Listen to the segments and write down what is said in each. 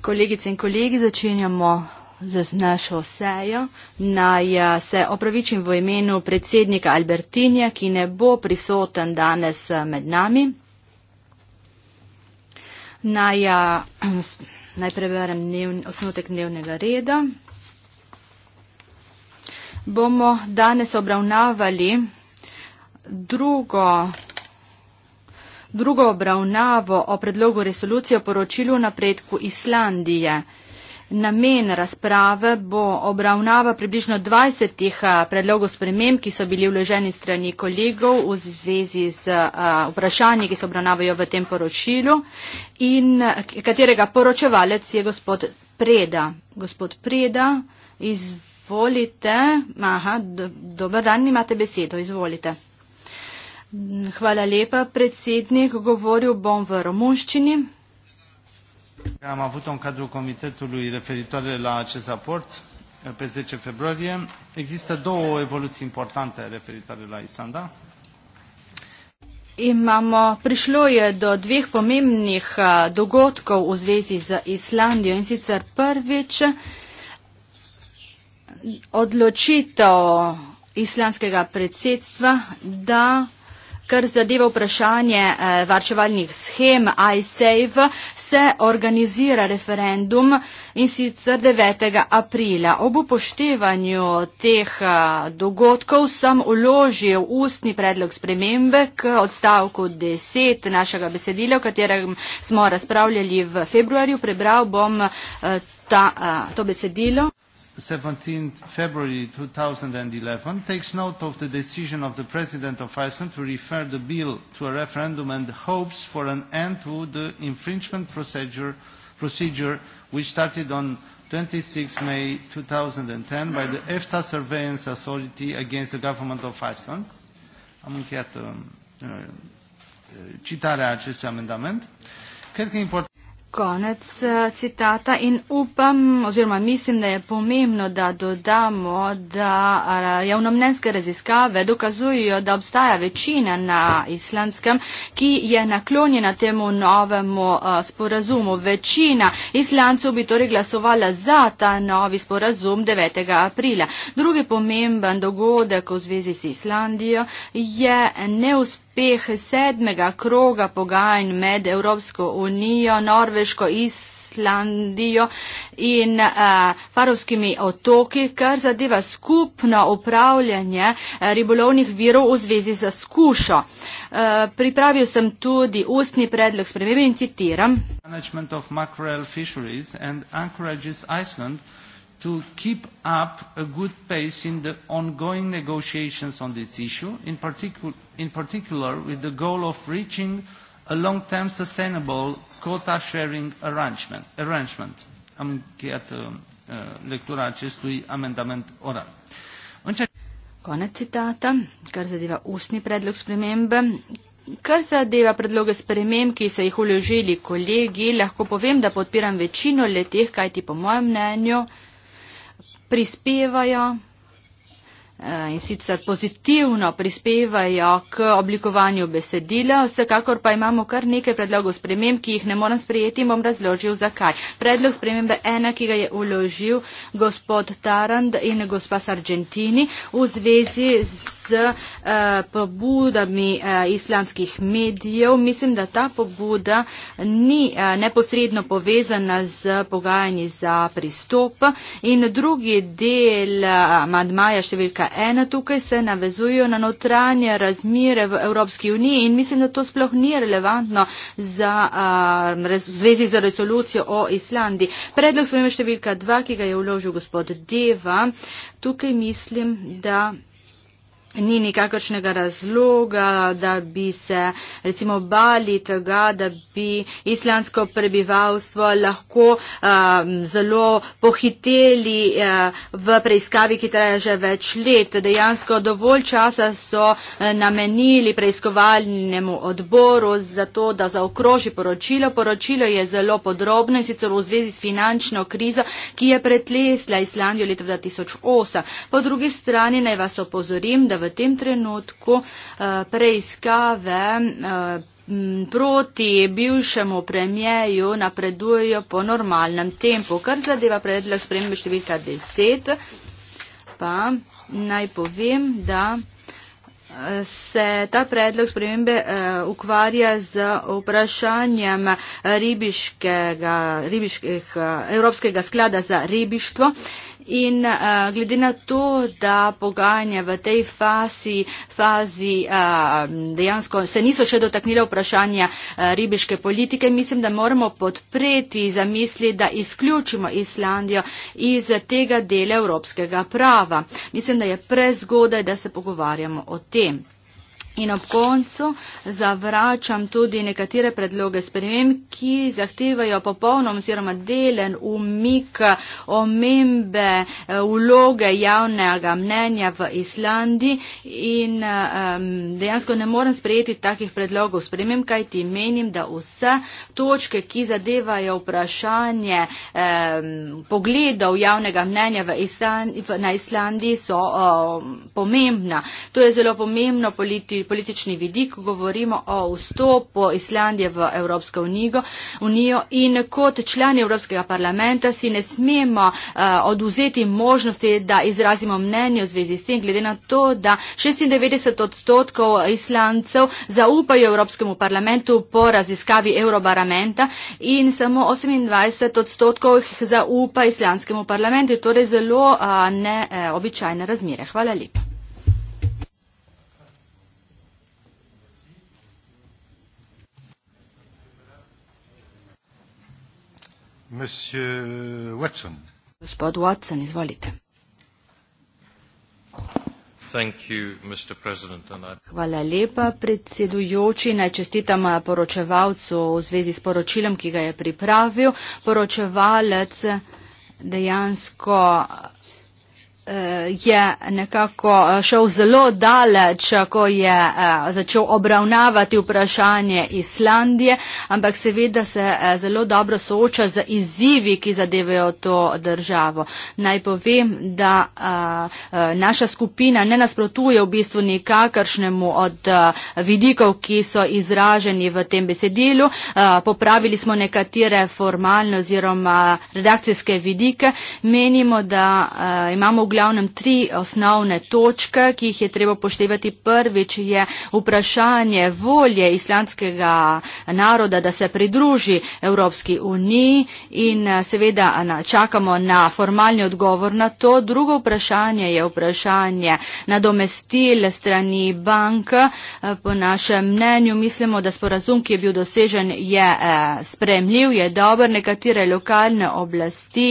Kolegice in kolegi, začenjamo z našo sejo. Naj eh, se opravičim v imenu predsednika Albertinja, ki ne bo prisoten danes eh, med nami. Naj, eh, naj preberem dnev, osnotek dnevnega reda. Bomo danes obravnavali drugo drugo obravnavo o predlogu resolucije o poročilu napredku Islandije. Namen razprave bo obravnava približno 20 predlogov sprememb, ki so bili vloženi strani kolegov v zvezi z vprašanji, ki se obravnavajo v tem poročilu in katerega poročevalec je gospod Preda. Gospod Preda, izvolite. Aha, do, dober dan, imate besedo, izvolite. Hvala lepa, predsednik. Govoril bom v romunščini. Am avut un cadru comitetului referitor la acest raport eh, pe 10 februarie. Există două evoluții importante referitoare la Islanda. Imamo, prišlo je do dveh pomembnih eh, dogodkov v zvezi z Islandijo in sicer prvič odločitev islandskega predsedstva, da Kar zadeva vprašanje eh, varčevalnih schem iSave, se organizira referendum in sicer 9. aprila. Ob upoštevanju teh eh, dogodkov sem uložil ustni predlog spremembe k odstavku 10 našega besedila, o katerem smo razpravljali v februarju. Prebral bom eh, ta, to besedilo. 17th February 2011 takes note of the decision of the President of Iceland to refer the bill to a referendum and hopes for an end to the infringement procedure, procedure which started on 26 May 2010 by the EFTA Surveillance Authority against the Government of Iceland. Am încheiat uh, uh, citarea acestui amendament. Cred că e important konec eh, citata in upam oziroma mislim, da je pomembno, da dodamo, da eh, javnomnenske raziskave dokazujejo, da obstaja večina na islandskem, ki je naklonjena temu novemu eh, sporazumu. Večina islancev bi torej glasovala za ta novi sporazum 9. aprila. Drugi pomemben dogodek v zvezi s Islandijo je neuspešen uspeh sedmega kroga pogajanj med Evropsko unijo, Norveško, Islandijo in uh, Farovskimi otoki, kar zadeva skupno upravljanje eh, ribolovnih virov v zvezi z skušo. Uh, pripravil sem tudi ustni predlog spremembe in citiram to keep up a good pace in the ongoing negotiations on this issue, in particular with the goal of reaching a long-term sustainable quota sharing arrangement. Am încheiat uh, uh, lectura acestui amendament oral. Konec citata. Kar zadeva ustni predlog spremembe. Kar zadeva predloge sprememb, ki so jih vložili kolegi, lahko povem, da podpiram večino le teh, kajti po mojem mnenju prispevajo eh, in sicer pozitivno prispevajo k oblikovanju besedila. Vsekakor pa imamo kar nekaj predlogov sprememb, ki jih ne moram sprejeti in bom razložil, zakaj. Predlog spremembe ena, ki ga je uložil gospod Tarand in gospa Sargentini v zvezi z Eh, pobudami eh, islamskih medijev. Mislim, da ta pobuda ni eh, neposredno povezana z pogajanji za pristop. In drugi del madmaja številka ena tukaj se navezujo na notranje razmire v Evropski uniji in mislim, da to sploh ni relevantno za, v zvezi z resolucijo o Islandiji. Predlog spremembe številka dva, ki ga je vložil gospod Deva, tukaj mislim, da ni nikakršnega razloga, da bi se recimo bali tega, da bi islamsko prebivalstvo lahko um, zelo pohiteli uh, v preiskavi, ki traja že več let. Dejansko dovolj časa so uh, namenili preiskovalnemu odboru za to, da zaokroži poročilo. Poročilo je zelo podrobno in sicer v zvezi s finančno krizo, ki je pretlesla Islandijo leta 2008 v tem trenutku eh, preiskave eh, proti bivšemu premijeju napredujejo po normalnem tempu. Kar zadeva predlog spremembe številka 10, pa naj povem, da eh, se ta predlog spremembe uh, ukvarja z vprašanjem ribiškega, ribiškega, Evropskega sklada za ribištvo. Uh, In uh, glede na to, da pogajanja v tej fasi, fazi uh, dejansko se niso še dotaknile vprašanja uh, ribiške politike, mislim, da moramo podpreti zamisli, da izključimo Islandijo iz tega dela evropskega prava. Mislim, da je prezgodaj, da se pogovarjamo o tem. In ob koncu zavračam tudi nekatere predloge sprejem, ki zahtevajo popolno oziroma delen umik omembe eh, vloge javnega mnenja v Islandiji in um, dejansko ne morem sprejeti takih predlogov sprejem, kaj ti menim, da vse točke, ki zadevajo vprašanje um, pogledov javnega mnenja v Islandiji, v, na Islandiji so um, pomembna. To je zelo pomembno politično politični vidik, govorimo o vstopu Islandije v Evropsko unijo in kot člani Evropskega parlamenta si ne smemo eh, oduzeti možnosti, da izrazimo mnenje v zvezi s tem, glede na to, da 96 odstotkov Islancev zaupajo Evropskemu parlamentu po raziskavi Eurobaramenta in samo 28 odstotkov jih zaupa Islandskemu parlamentu. Torej zelo eh, neobičajne razmere. Hvala lepa. Monsieur Watson. Gospod Watson, izvolite. Thank you, Mr. President, and I... Hvala lepa, predsedujoči. Najčestitam eh, poročevalcu v zvezi s poročilom, ki ga je pripravil. Poročevalec dejansko Eh, je nekako eh, šel zelo daleč, ko je eh, začel obravnavati vprašanje Islandije, ampak seveda se zelo dobro sooča z izzivi, ki zadevajo to državo. Naj povem, da naša skupina ne nasprotuje v bistvu nikakršnemu od vidikov, ki so izraženi v tem besedilu. Popravili smo nekatere formalne oziroma redakcijske vidike. Menimo, da imamo v glavi glavnem tri osnovne točke, ki jih je treba poštevati. Prvič je vprašanje volje islandskega naroda, da se pridruži Evropski uniji in eh, seveda na, čakamo na formalni odgovor na to. Drugo vprašanje je vprašanje nadomestil strani bank. Eh, po našem mnenju mislimo, da sporazum, ki je bil dosežen, je eh, spremljiv, je dober. Nekatere lokalne oblasti,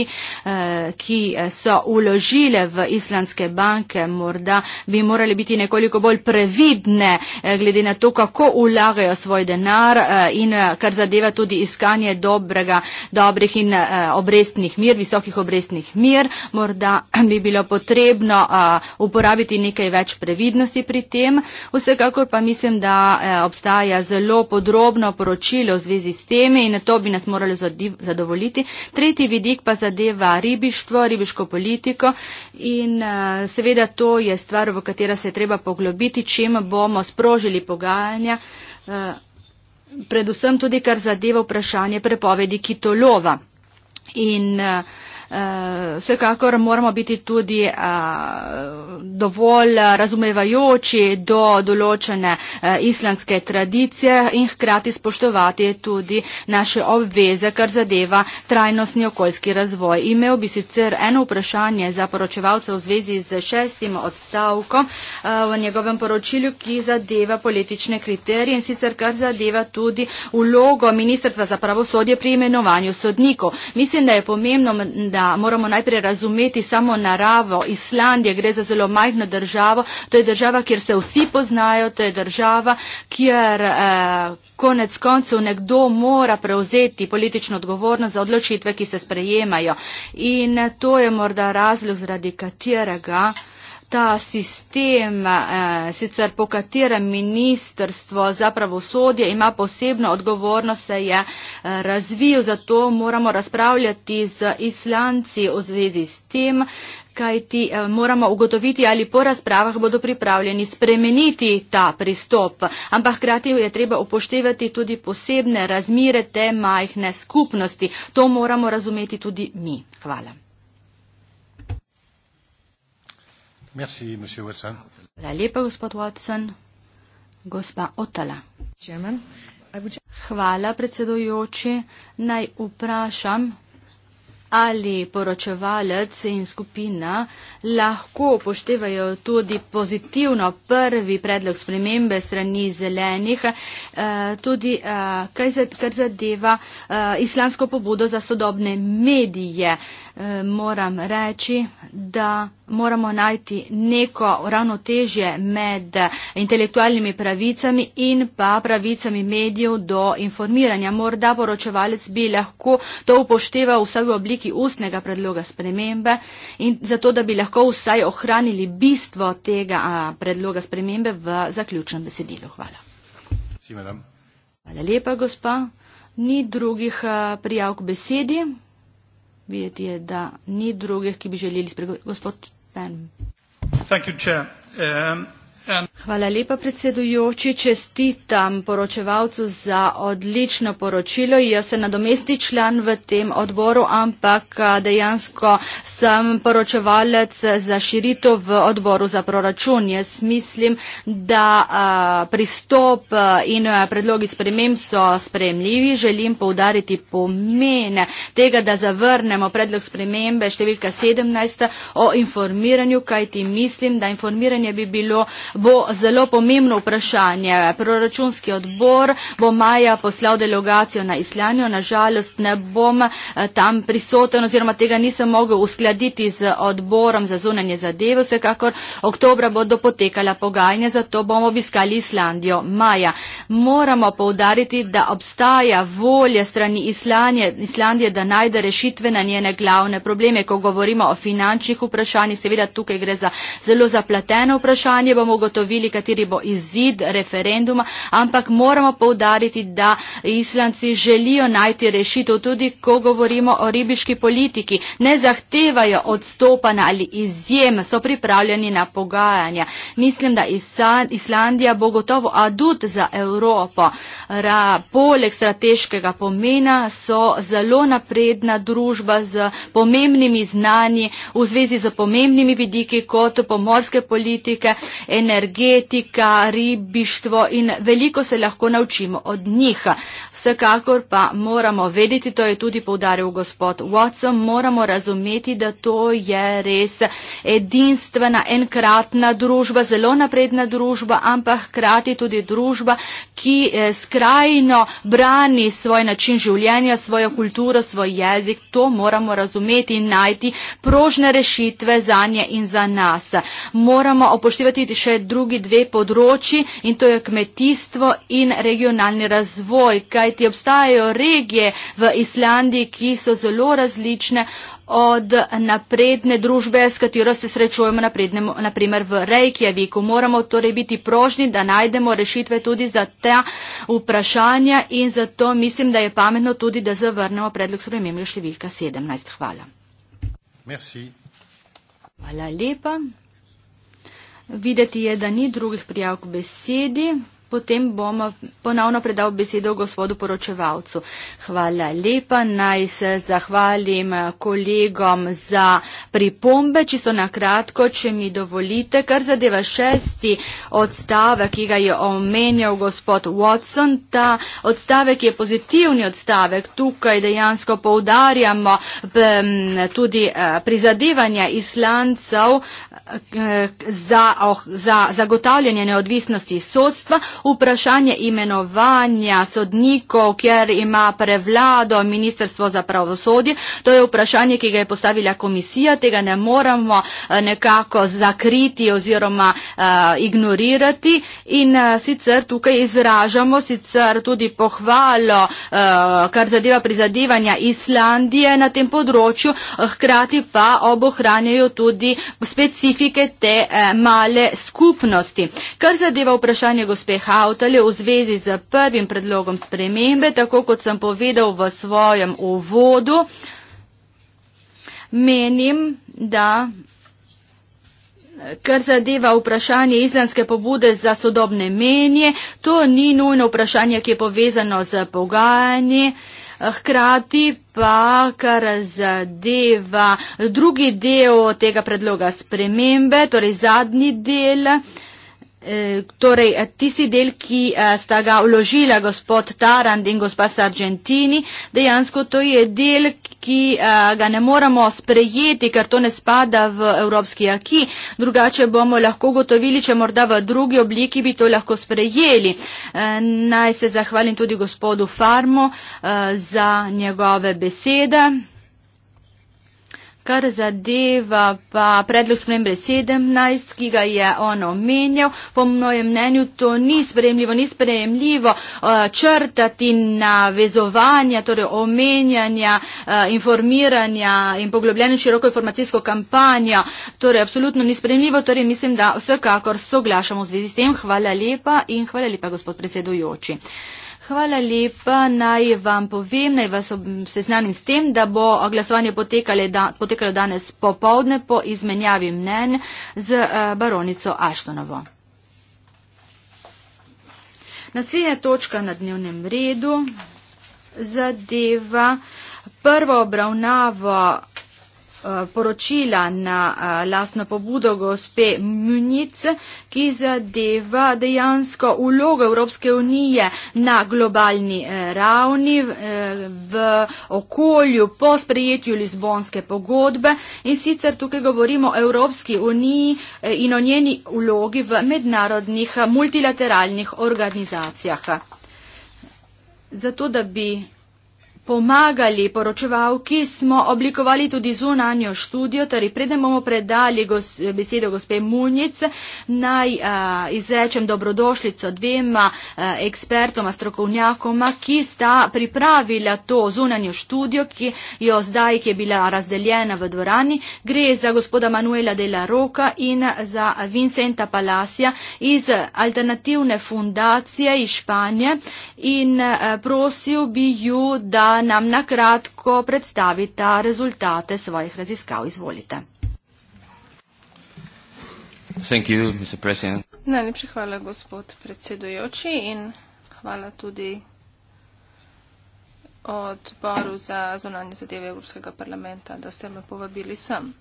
ki so uložile v islandske banke morda bi morali biti nekoliko bolj previdne eh, glede na to, kako ulagajo svoj denar eh, in eh, kar zadeva tudi iskanje dobrega, dobrih in obrestnih mir, visokih obrestnih mir. Morda bi bilo potrebno uporabiti nekaj več previdnosti pri tem. Vsekakor pa mislim, da obstaja zelo podrobno poročilo v zvezi s temi in to bi nas moralo zadovoljiti. Tretji vidik pa zadeva ribištvo, ribiško politiko In eh, seveda to je stvar, v katera se je treba poglobiti, čim bomo sprožili pogajanja, eh, predvsem tudi kar zadeva vprašanje prepovedi kitolova. In uh, Eh, vsekakor moramo biti tudi eh, dovolj eh, razumevajoči do določene islamske tradicije in hkrati spoštovati tudi naše obveze, kar zadeva trajnostni okoljski razvoj. Imel bi sicer eno vprašanje za poročevalce v zvezi z šestim odstavkom v njegovem poročilju, ki zadeva politične kriterije in sicer kar zadeva tudi vlogo Ministrstva za pravosodje pri imenovanju sodnikov. Mislim, da je pomembno, da da moramo najprej razumeti samo naravo Islandije, gre za zelo majhno državo, to je država, kjer se vsi poznajo, to je država, kjer eh, konec koncev nekdo mora prevzeti politično odgovornost za odločitve, ki se sprejemajo. In to je morda razlog, zaradi katerega eh, ta sistem, eh, sicer po katerem ministrstvo za pravosodje ima posebno odgovornost, se je eh, razvil, zato moramo razpravljati z islanci v zvezi s tem, kajti eh, moramo ugotoviti, ali po razpravah bodo pripravljeni spremeniti ta pristop. Ampak hkrati je treba upoštevati tudi posebne razmire te majhne skupnosti. To moramo razumeti tudi mi. Hvala. Merci, Monsieur Watson. Hvala lepa, gospod Watson. Gospa Otala. Hvala, predsedujoči. Naj vprašam, ali poročevalec in skupina lahko poštevajo tudi pozitivno prvi predlog spremembe strani zelenih, eh, tudi eh, kar zadeva eh, islamsko pobudo za sodobne medije moram reči, da moramo najti neko ravnotežje med intelektualnimi pravicami in pa pravicami medijev do informiranja. Morda poročevalec bi lahko to upošteval vsaj v obliki ustnega predloga spremembe in zato, da bi lahko vsaj ohranili bistvo tega predloga spremembe v zaključnem besedilu. Hvala. Hvala lepa, gospa. Ni drugih prijav k besedi videti je, da ni drugih, ki bi želeli spregovoriti. Gospod Pen. Thank you, chair. Um, Hvala lepa, predsedujoči. Čestitam poročevalcu za odlično poročilo. Jaz sem nadomesti član v tem odboru, ampak dejansko sem poročevalec za širito v odboru za proračun. Jaz mislim, da pristop in predlogi sprememb so spremljivi. Želim povdariti pomen tega, da zavrnemo predlog spremembe številka 17 o informiranju, kajti mislim, da informiranje bi bilo bo zelo pomembno vprašanje. Proračunski odbor bo maja poslal delegacijo na Islanjo. Nažalost ne bom eh, tam prisoten oziroma tega nisem mogel uskladiti z odborom za zunanje zadeve. Vsekakor oktobra bodo potekala pogajanja, zato bomo obiskali Islandijo maja moramo povdariti, da obstaja volja strani Islandije, Islandije, da najde rešitve na njene glavne probleme. Ko govorimo o finančnih vprašanjih, seveda tukaj gre za zelo zapleteno vprašanje, bomo ugotovili, kateri bo izid referenduma, ampak moramo povdariti, da Islandci želijo najti rešitev tudi, ko govorimo o ribiški politiki. Ne zahtevajo odstopanja ali izjem, so pripravljeni na pogajanja. Mislim, da Islandija bo gotovo adut za Evropo. Evropo. Ra, poleg strateškega pomena so zelo napredna družba z pomembnimi znanji v zvezi z pomembnimi vidiki kot pomorske politike, energetika, ribištvo in veliko se lahko naučimo od njih. Vsekakor pa moramo vedeti, to je tudi povdaril gospod Watson, moramo razumeti, da to je res edinstvena, enkratna družba, zelo napredna družba, ampak hkrati tudi družba, ki eh, skrajno brani svoj način življenja, svojo kulturo, svoj jezik. To moramo razumeti in najti prožne rešitve za nje in za nas. Moramo opoštevati še drugi dve področji in to je kmetijstvo in regionalni razvoj, kajti obstajajo regije v Islandiji, ki so zelo različne od napredne družbe, s katero se srečujemo na primer v Reykjaviku. Moramo torej biti prožni, da najdemo rešitve tudi za ta vprašanja in zato mislim, da je pametno tudi, da zavrnemo predlog spremembe številka 17. Hvala. Merci. Hvala lepa. Videti je, da ni drugih prijav k besedi. Potem bom ponovno predal besedo gospodu poročevalcu. Hvala lepa. Naj se zahvalim kolegom za pripombe, čisto na kratko, če mi dovolite. Kar zadeva šesti odstavek, ki ga je omenjal gospod Watson, ta odstavek je pozitivni odstavek. Tukaj dejansko poudarjamo tudi eh, prizadevanja islancev eh, za, oh, za zagotavljanje neodvisnosti sodstva vprašanje imenovanja sodnikov, kjer ima prevlado Ministrstvo za pravosodje. To je vprašanje, ki ga je postavila komisija. Tega ne moramo eh, nekako zakriti oziroma uh, ignorirati. In uh, sicer tukaj izražamo sicer tudi pohvalo, uh, kar zadeva prizadevanja Islandije na tem področju, hkrati pa obohranjajo tudi specifike te uh, male skupnosti. Kar zadeva vprašanje gospe Hrvatske, Hautelju v zvezi z prvim predlogom spremembe, tako kot sem povedal v svojem uvodu, menim, da kar zadeva vprašanje izlandske pobude za sodobne menje, to ni nujno vprašanje, ki je povezano z pogajanji. Hkrati pa, kar zadeva drugi del tega predloga spremembe, torej zadnji del, Eh, torej eh, tisti del, ki eh, sta ga vložila gospod Tarand in gospa Sargentini, dejansko to je del, ki ga ne moramo sprejeti, ker to ne spada v evropski aki. Drugače bomo lahko gotovili, če morda v drugi obliki bi to lahko sprejeli. Naj se zahvalim tudi gospodu Farmo za njegove besede kar zadeva pa predlog spremembe 17, ki ga je on omenjal. Po mojem mnenju to ni spremljivo, ni spremljivo eh, črtati navezovanja, torej omenjanja, eh, informiranja in poglobljeno široko informacijsko kampanjo. Torej, absolutno ni spremljivo, torej mislim, da vsekakor soglašamo v zvezi s tem. Hvala lepa in hvala lepa, gospod predsedujoči. Hvala lepa. Naj vam povem, naj vas seznanim s tem, da bo glasovanje potekalo, da, potekalo danes popovdne po izmenjavi mnen z eh, baronico Aštonovo. Naslednja točka na dnevnem redu zadeva prvo obravnavo poročila na lastno pobudo gospe Munic, ki zadeva dejansko vlogo Evropske unije na globalni eh, ravni eh, v okolju po sprejetju Lizbonske pogodbe. In sicer tukaj govorimo o Evropski uniji eh, in o njeni vlogi v mednarodnih multilateralnih organizacijah. Zato, da bi pomagali poročevalki, smo oblikovali tudi zunanjo študijo, torej preden bomo predali gos, besedo gospe Munjic, naj a, izrečem dobrodošlico dvema a, ekspertoma, strokovnjakoma, ki sta pripravila to zunanjo študijo, ki jo zdaj, ki je bila razdeljena v dvorani. Gre za gospoda Manuela de la Roca in za Vincenta Palacija iz alternativne fundacije iz Španije in a, prosil bi ju, da nam na kratko predstavita rezultate svojih raziskav. Izvolite. You, Najlepša hvala, gospod predsedujoči in hvala tudi odboru za zonanje zadeve Evropskega parlamenta, da ste me povabili sem,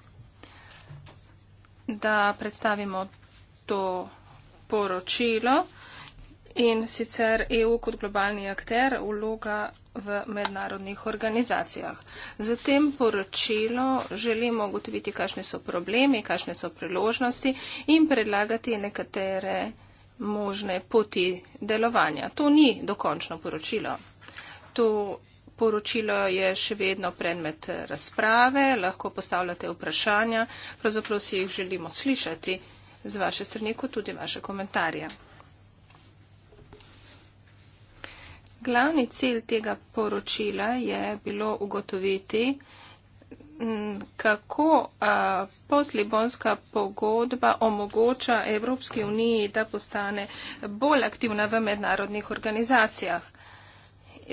da predstavimo to poročilo in sicer EU kot globalni akter, vloga v mednarodnih organizacijah. Za tem poročilo želimo ugotoviti, kakšne so problemi, kakšne so priložnosti in predlagati nekatere možne poti delovanja. To ni dokončno poročilo. To poročilo je še vedno predmet razprave, lahko postavljate vprašanja, pravzaprav si jih želimo slišati z vaše strani, kot tudi vaše komentarje. Glavni cilj tega poročila je bilo ugotoviti, kako poslibonska pogodba omogoča Evropski uniji, da postane bolj aktivna v mednarodnih organizacijah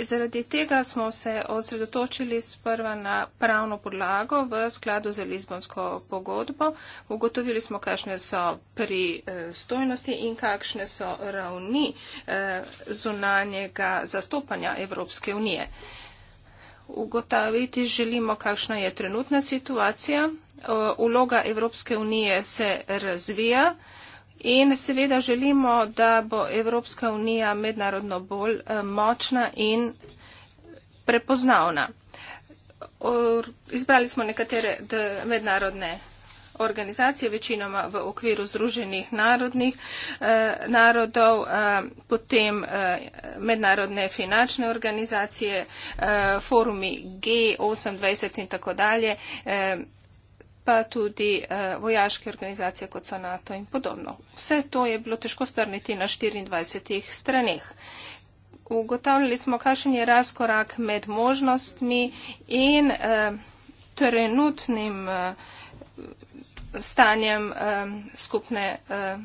zaradi tega smo se osredotočili sprva na pravno podlago v skladu z Lizbonsko pogodbo. Ugotovili smo, kakšne so pristojnosti in kakšne so ravni eh, zunanjega zastopanja Evropske unije. Ugotaviti želimo, kakšna je trenutna situacija. Uloga eh, Evropske unije se razvija. In seveda želimo, da bo Evropska unija mednarodno bolj eh, močna in prepoznavna. Izbrali smo nekatere mednarodne organizacije, večinoma v okviru Združenih narodnih, eh, narodov, eh, potem mednarodne finančne organizacije, forumi G28 in tako dalje pa tudi eh, vojaške organizacije kot so NATO in podobno. Vse to je bilo težko strniti na 24 straneh. Ugotavljali smo, kakšen je razkorak med možnostmi in eh, trenutnim eh, stanjem eh, skupne eh,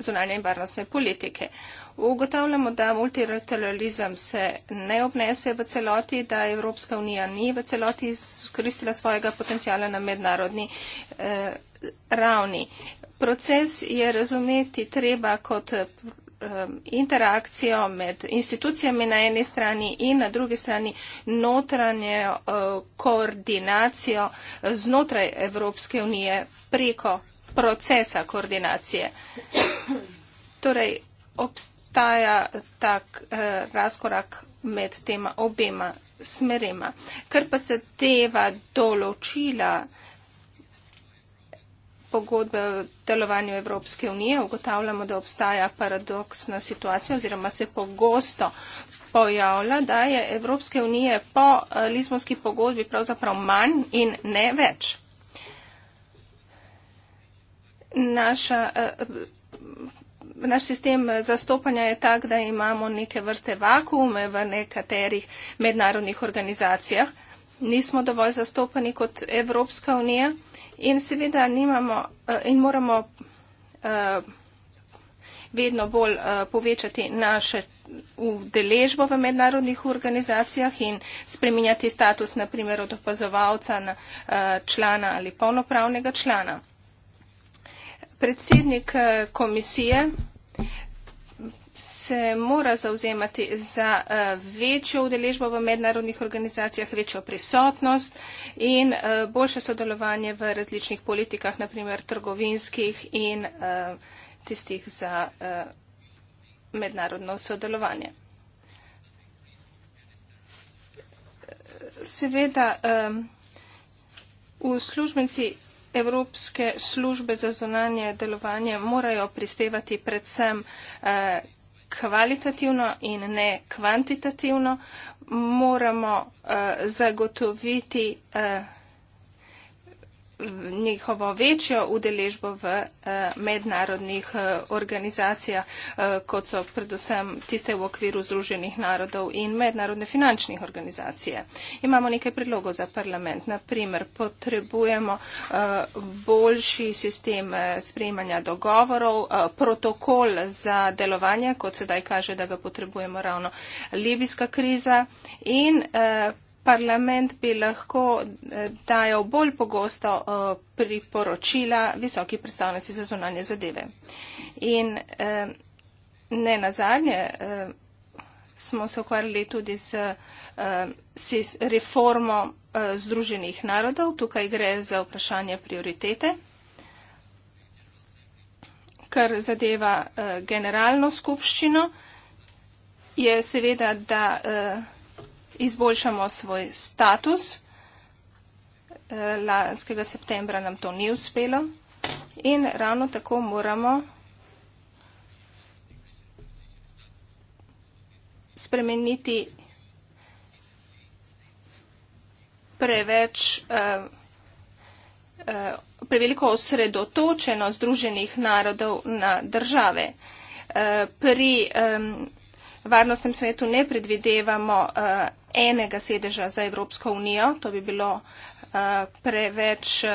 zunanje in varnostne politike ugotavljamo, da multilateralizem se ne obnese v celoti, da Evropska unija ni v celoti izkoristila svojega potencijala na mednarodni eh, ravni. Proces je razumeti treba kot eh, interakcijo med institucijami na eni strani in na drugi strani notranjo eh, koordinacijo eh, znotraj Evropske unije preko procesa koordinacije. Torej, obstajajo obstaja tak eh, razkorak med tema obema smerema. Ker pa se teva določila pogodbe o delovanju Evropske unije, ugotavljamo, da obstaja paradoksna situacija oziroma se pogosto pojavlja, da je Evropske unije po eh, Lizbonski pogodbi pravzaprav manj in ne več. Naša, eh, naš sistem eh, zastopanja je tak, da imamo neke vrste vakuume v nekaterih mednarodnih organizacijah. Nismo dovolj zastopani kot Evropska unija in seveda nimamo eh, in moramo eh, vedno bolj povečati naše udeležbo v mednarodnih organizacijah in spreminjati status, naprimer, od opazovalca na člana ali polnopravnega člana. Predsednik komisije se mora zauzemati za eh, večjo udeležbo v mednarodnih organizacijah, večjo prisotnost in eh, boljše sodelovanje v različnih politikah, naprimer trgovinskih in eh, tistih za mednarodno sodelovanje. Seveda, v službenci evropske službe za zunanje delovanje morajo prispevati predvsem eh, kvalitativno in ne kvantitativno. Moramo eh, zagotoviti eh, njihovo večjo udeležbo v eh, mednarodnih eh, organizacijah, eh, kot so predvsem tiste v okviru Združenih narodov in mednarodne finančnih organizacije. Imamo nekaj predlogov za parlament. Naprimer, potrebujemo boljši sistem sprejemanja dogovorov, protokol za delovanje, kot sedaj kaže, da ga potrebujemo ravno libijska kriza in parlament bi lahko eh, dajal bolj pogosto eh, priporočila visoki predstavnici za zunanje zadeve. In eh, ne nazadnje smo se ukvarjali tudi z reformo Združenih narodov. Tukaj gre za vprašanje prioritete, kar zadeva generalno skupščino. Je seveda, da izboljšamo svoj status. Eh, lanskega septembra nam to ni uspelo in ravno tako moramo spremeniti preveč, uh, uh, preveliko osredotočeno Združenih narodov na države. Uh, pri um, varnostnem svetu ne predvidevamo uh, enega sedeža za Evropsko unijo. To bi bilo uh, preveč uh,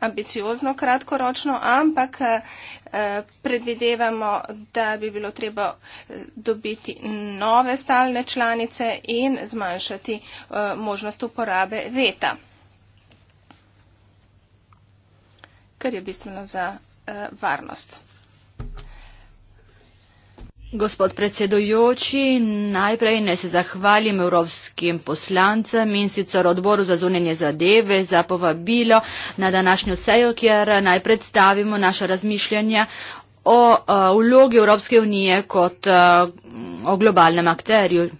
ambiciozno kratkoročno, ampak uh, predvidevamo, da bi bilo treba dobiti nove stalne članice in zmanjšati uh, možnost uporabe veta, kar je bistveno za uh, varnost. Gospod predsedujoči, najprej ne se zahvalim evropskim poslancem in sicer odboru za zunanje zadeve za povabilo na današnjo sejo, kjer naj predstavimo naše razmišljanje o eh, vlogi Evropske unije kot eh, o globalnem akterju.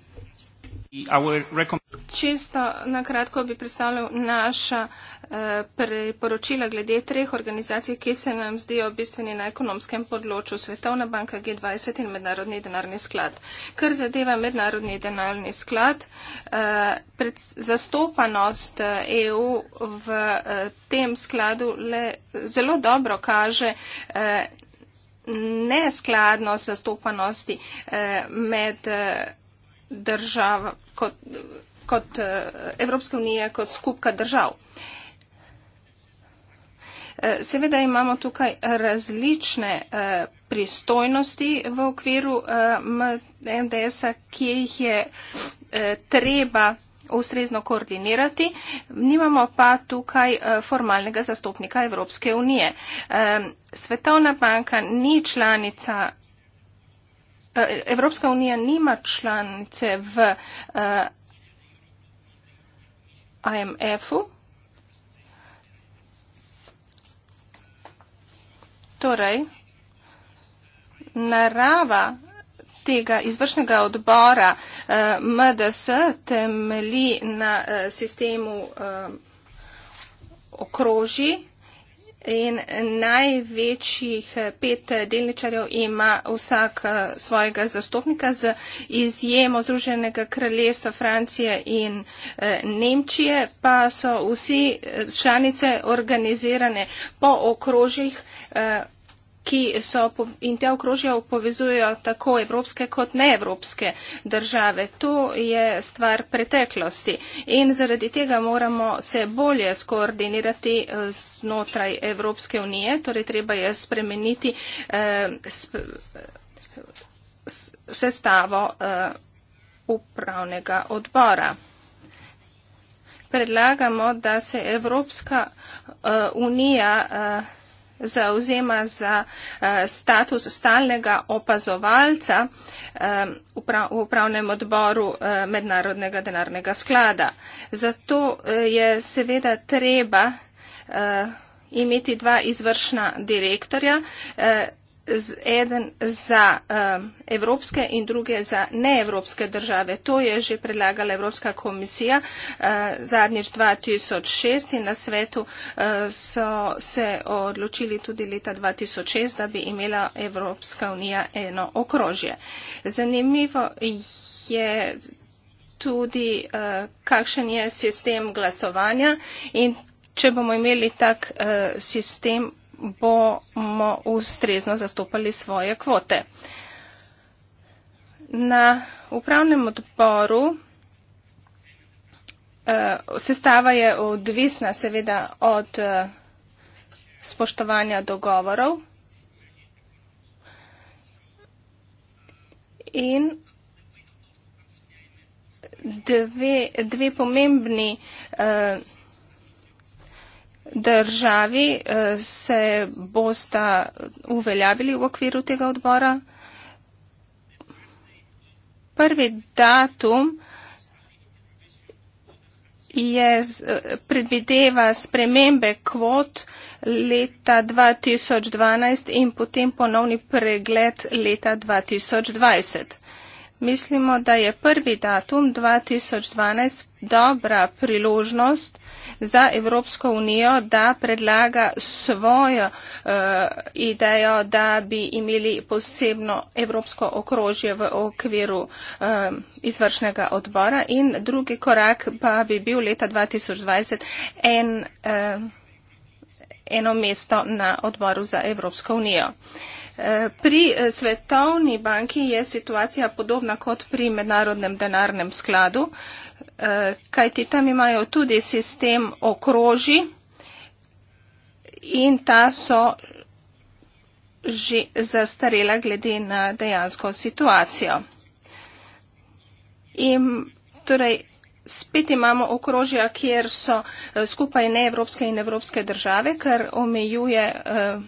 Čisto na kratko bi predstavljal naša eh, priporočila glede treh organizacij, ki se nam zdijo bistveni na ekonomskem področju Svetovna banka G20 in Mednarodni denarni sklad. Kar zadeva Mednarodni denarni sklad, eh, zastopanost EU eh, e v tem skladu le zelo dobro kaže neskladnost zastopanosti med držav, kot, kot eh, Evropske unije, kot skupka držav. Eh, seveda imamo tukaj različne eh, pristojnosti v okviru MDS-a, ki jih je treba ustrezno koordinirati, nimamo pa tukaj formalnega zastopnika Evropske unije. Svetovna banka ni članica Eh, Evropska unija nima članice v uh, eh, IMF-u. Torej, narava tega izvršnega odbora uh, eh, MDS temeli na uh, sistemu uh, okroži in največjih eh, pet delničarjev ima vsak eh, svojega zastopnika z izjemo Združenega kraljestva Francije in eh, Nemčije, pa so vsi članice organizirane po okrožjih ki so in te okrožja povezujejo tako evropske kot neevropske države. To je stvar preteklosti in zaradi tega moramo se bolje skoordinirati eh, znotraj Evropske unije, torej treba je spremeniti eh, sp sestavo eh, upravnega odbora. Predlagamo, da se Evropska eh, unija eh, zauzema za eh, status stalnega opazovalca eh, v upravnem odboru eh, Mednarodnega denarnega sklada. Zato je seveda treba imeti dva izvršna direktorja, z eden za um, evropske in druge za neevropske države. To je že predlagala Evropska komisija uh, zadnjič 2006 in na svetu uh, so se odločili tudi leta 2006, da bi imela Evropska unija eno okrožje. Zanimivo je tudi, uh, kakšen je sistem glasovanja in če bomo imeli tak uh, sistem bomo ustrezno zastopali svoje kvote. Na upravnem odboru uh, eh, sestava je odvisna seveda od uh, spoštovanja dogovorov in dve, dve pomembni uh, državi eh, se bosta uveljavili v okviru tega odbora. Prvi datum je eh, predvideva spremembe kvot leta 2012 in potem ponovni pregled leta 2020 mislimo, da je prvi datum 2012 dobra priložnost za Evropsko unijo, da predlaga svojo uh, idejo, da bi imeli posebno evropsko okrožje v okviru uh, izvršnega odbora. In drugi korak pa bi bil leta 2020 en. Uh, eno mesto na odboru za Evropsko unijo. E, pri e, svetovni banki je situacija podobna kot pri mednarodnem denarnem skladu, e, kajti tam imajo tudi sistem okroži in ta so že zastarela glede na dejansko situacijo. In, torej, spet imamo okrožja, kjer so eh, skupaj neevropske in evropske države, kar omejuje eh,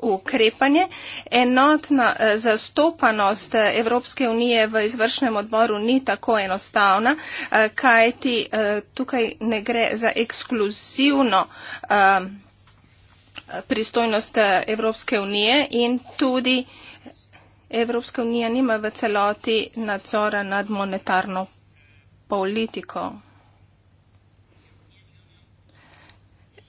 ukrepanje. Enotna eh, zastopanost Evropske unije v izvršnem odboru ni tako enostavna, kajti tukaj ne gre za ekskluzivno pristojnost Evropske unije in tudi Evropska unija nima v celoti nadzora nad monetarno politiko.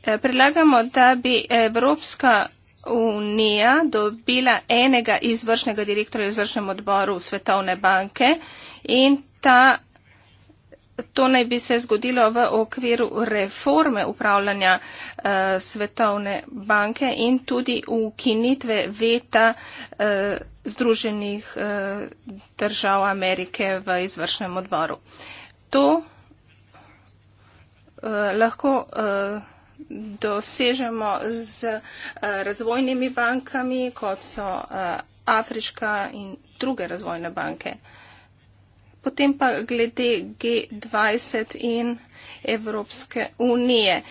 Eh, predlagamo, da bi Evropska unija dobila enega izvršnega direktorja v izvršnem odboru Svetovne banke in ta, to naj bi se zgodilo v okviru reforme upravljanja uh, Svetovne banke in tudi ukinitve veta uh, Združenih uh, držav Amerike v izvršnem odboru. Uh, to uh, lahko uh, dosežemo z uh, razvojnimi bankami, kot so uh, Afriška in druge razvojne banke. Potem pa glede G20 in Evropske unije.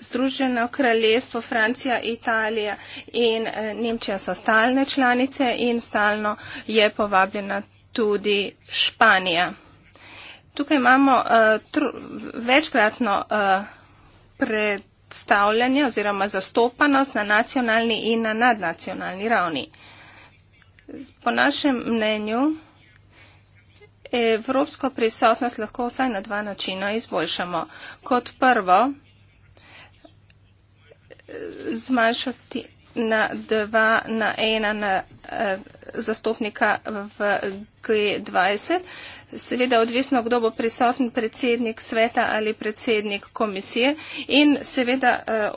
Združeno kraljestvo, Francija, Italija in Nemčija so stalne članice in stalno je povabljena tudi Španija. Tukaj imamo uh, eh, tr, večkratno uh, predstavljanje oziroma zastopanost na nacionalni in na nadnacionalni ravni. Po našem mnenju evropsko prisotnost lahko vsaj na dva načina izboljšamo. Kot prvo, eh, zmanjšati na dva, na ena, na eh, zastopnika v G20. Seveda odvisno, kdo bo prisotn, predsednik sveta ali predsednik komisije. In seveda eh,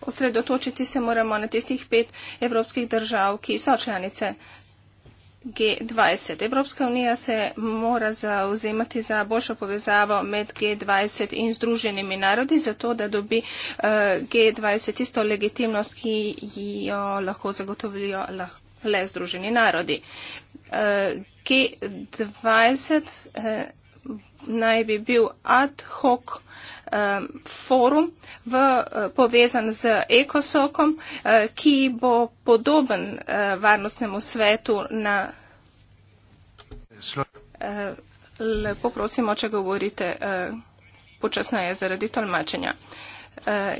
osredotočiti se moramo na tistih pet evropskih držav, ki so članice eh, G20. Evropska unija se mora zauzemati za boljšo povezavo med G20 in združenimi narodi, zato da dobi eh, G20 tisto legitimnost, ki jo lahko zagotovijo le združeni narodi. Eh, G20 eh, naj bi bil ad hoc Eh, forum v, eh, povezan z ekosokom, eh, ki bo podoben varnostnemu svetu na. Lepo prosimo, če govorite počasneje zaradi tolmačenja.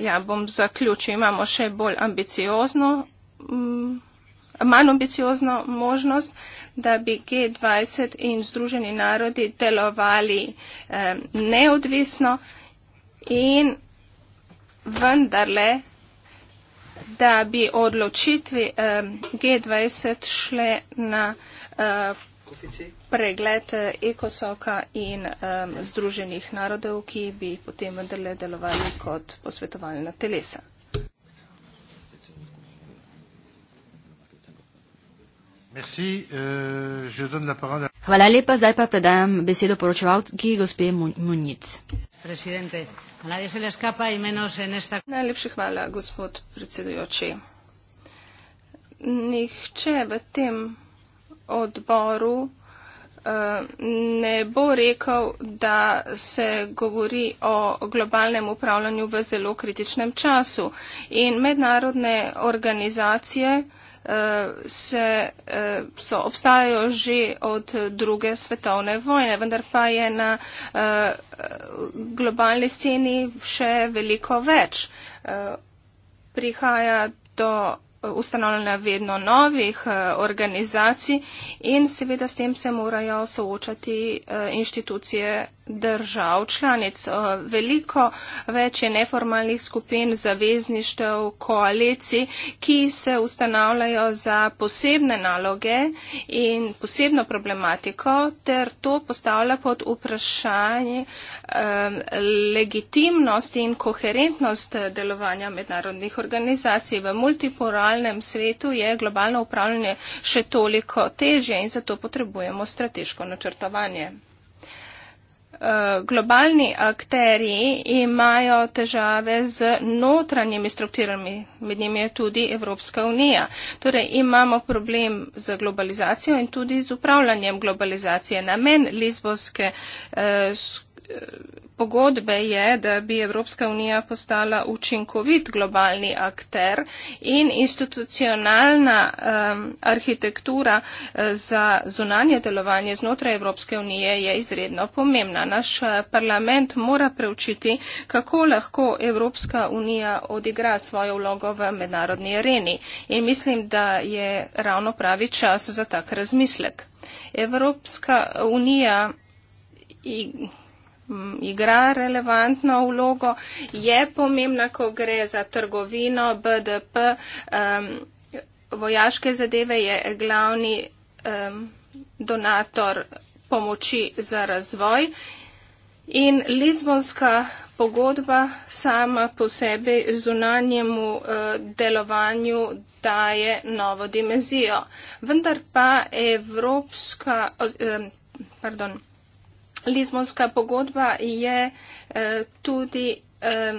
Ja, bom zaključil. Imamo še bolj ambiciozno, mm, manj ambiciozno možnost, da bi G20 in Združeni narodi delovali neodvisno. In vendarle, da bi odločitvi G20 šle na pregled eh, Ekosoka in Združenih narodov, ki bi potem vendarle delovali kot posvetovalna telesa. Eh, Hvala lepa, zdaj pa predajam besedo poročevalki gospe Munic presidente. A nadie se le escapa y menos en esta. Najlepši hvala, gospod predsedujoči. Nihče v tem odboru eh, ne bo rekel, da se govori o globalnem upravljanju v zelo kritičnem času. In mednarodne organizacije Eh, se, eh, so obstajajo že od druge svetovne vojne, vendar pa je na eh, globalni sceni še veliko več. Prihaja do ustanovljena vedno novih organizacij in seveda s tem se morajo soočati inštitucije držav članic. Eh, veliko več je neformalnih skupin zavezništev, koalicij, ki se ustanavljajo za posebne naloge in posebno problematiko, ter to postavlja pod vprašanje eh, legitimnost in koherentnost delovanja mednarodnih organizacij. V multipolarnem svetu je globalno upravljanje še toliko težje in zato potrebujemo strateško načrtovanje. Eh, globalni akteri imajo težave z notranjimi strukturami, med njimi je tudi Evropska unija. Torej imamo problem z globalizacijo in tudi z upravljanjem globalizacije. Namen Lizbonske uh, eh, skupine pogodbe je, da bi Evropska unija postala učinkovit globalni akter in institucionalna um, arhitektura eh, za zunanje delovanje znotraj Evropske unije je izredno pomembna. Naš eh, parlament mora preučiti, kako lahko Evropska unija odigra svojo vlogo v mednarodni areni in mislim, da je ravno pravi čas za tak razmislek. Evropska unija igra relevantno vlogo, je pomembna, ko gre za trgovino, BDP, um, vojaške zadeve je glavni um, donator pomoči za razvoj. In Lizbonska pogodba sama po sebi zunanjemu uh, delovanju daje novo dimenzijo. Vendar pa Evropska. Uh, um, Lizbonska pogodba je eh, tudi eh,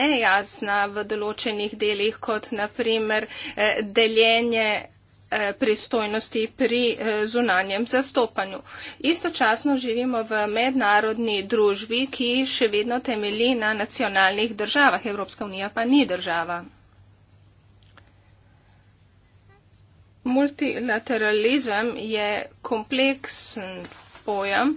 nejasna v določenih delih, kot naprimer eh, deljenje pristojnosti pri zunanjem zastopanju. Istočasno živimo v mednarodni družbi, ki še vedno temeli na nacionalnih državah. Evropska unija pa ni država. Multilateralizem je kompleksen pojem.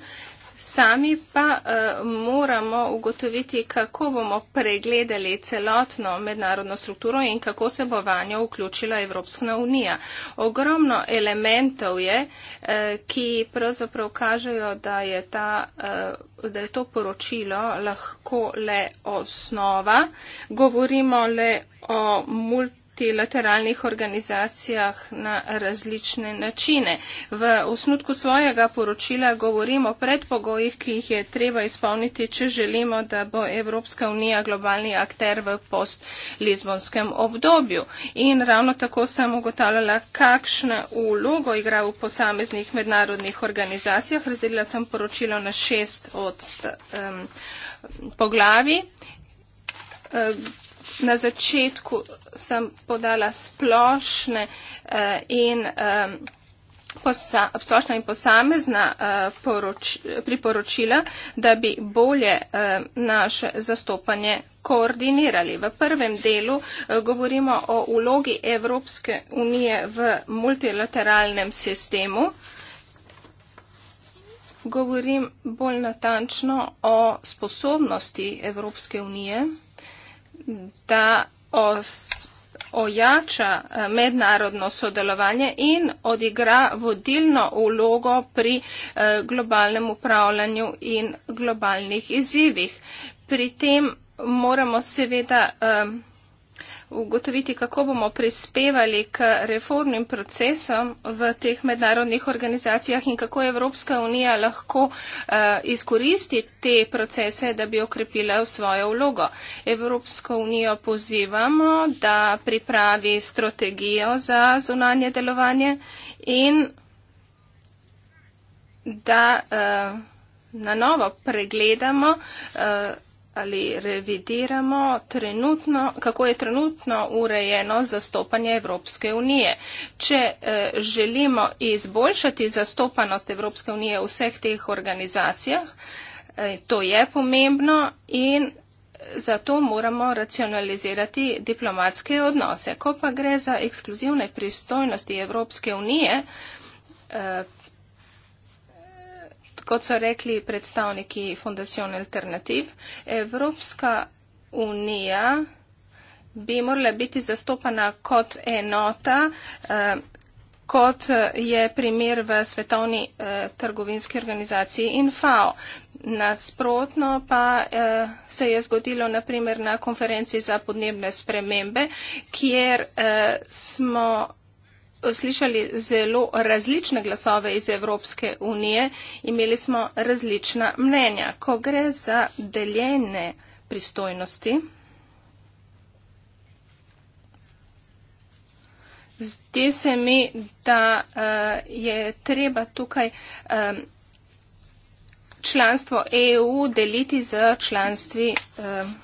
Sami pa eh, moramo ugotoviti, kako bomo pregledali celotno mednarodno strukturo in kako se bo vanjo vključila Evropska unija. Ogromno elementov je, eh, ki pravzaprav kažejo, da je, ta, eh, da je to poročilo lahko le osnova. Govorimo le o multi multilateralnih organizacijah na različne načine. V osnutku svojega poročila govorimo o predpogojih, ki jih je treba izpolniti, če želimo, da bo Evropska unija globalni akter v post-lizbonskem obdobju. In ravno tako sem ugotavljala, kakšno ulogo igra v posameznih mednarodnih organizacijah. Razdelila sem poročilo na šest od um, poglavi. Uh, na začetku sem podala splošne eh, in eh, splošna in posamezna eh, priporočila, da bi bolje eh, naše zastopanje koordinirali. V prvem delu eh, govorimo o ulogi Evropske unije v multilateralnem sistemu. Govorim bolj natančno o sposobnosti Evropske unije da os, ojača eh, mednarodno sodelovanje in odigra vodilno vlogo pri eh, globalnem upravljanju in globalnih izzivih. Pri tem moramo seveda um, ugotoviti, kako bomo prispevali k reformnim procesom v teh mednarodnih organizacijah in kako Evropska unija lahko eh, izkoristi te procese, da bi okrepila svojo vlogo. Evropsko unijo pozivamo, da pripravi strategijo za zunanje delovanje in da eh, na novo pregledamo eh, ali revidiramo trenutno, kako je trenutno urejeno zastopanje Evropske unije. Če e, želimo izboljšati zastopanost Evropske unije v vseh teh organizacijah, e, to je pomembno in zato moramo racionalizirati diplomatske odnose. Ko pa gre za ekskluzivne pristojnosti Evropske unije, e, kot so rekli predstavniki Fondacion Alternativ, Evropska unija bi morala biti zastopana kot enota, eh, kot je primer v svetovni eh, trgovinski organizaciji INFAO. Nasprotno pa eh, se je zgodilo naprimer na konferenci za podnebne spremembe, kjer smo slišali zelo različne glasove iz Evropske unije, imeli smo različna mnenja. Ko gre za deljene pristojnosti, zdi se mi, da uh, je treba tukaj um, članstvo EU deliti z članstvi. Um,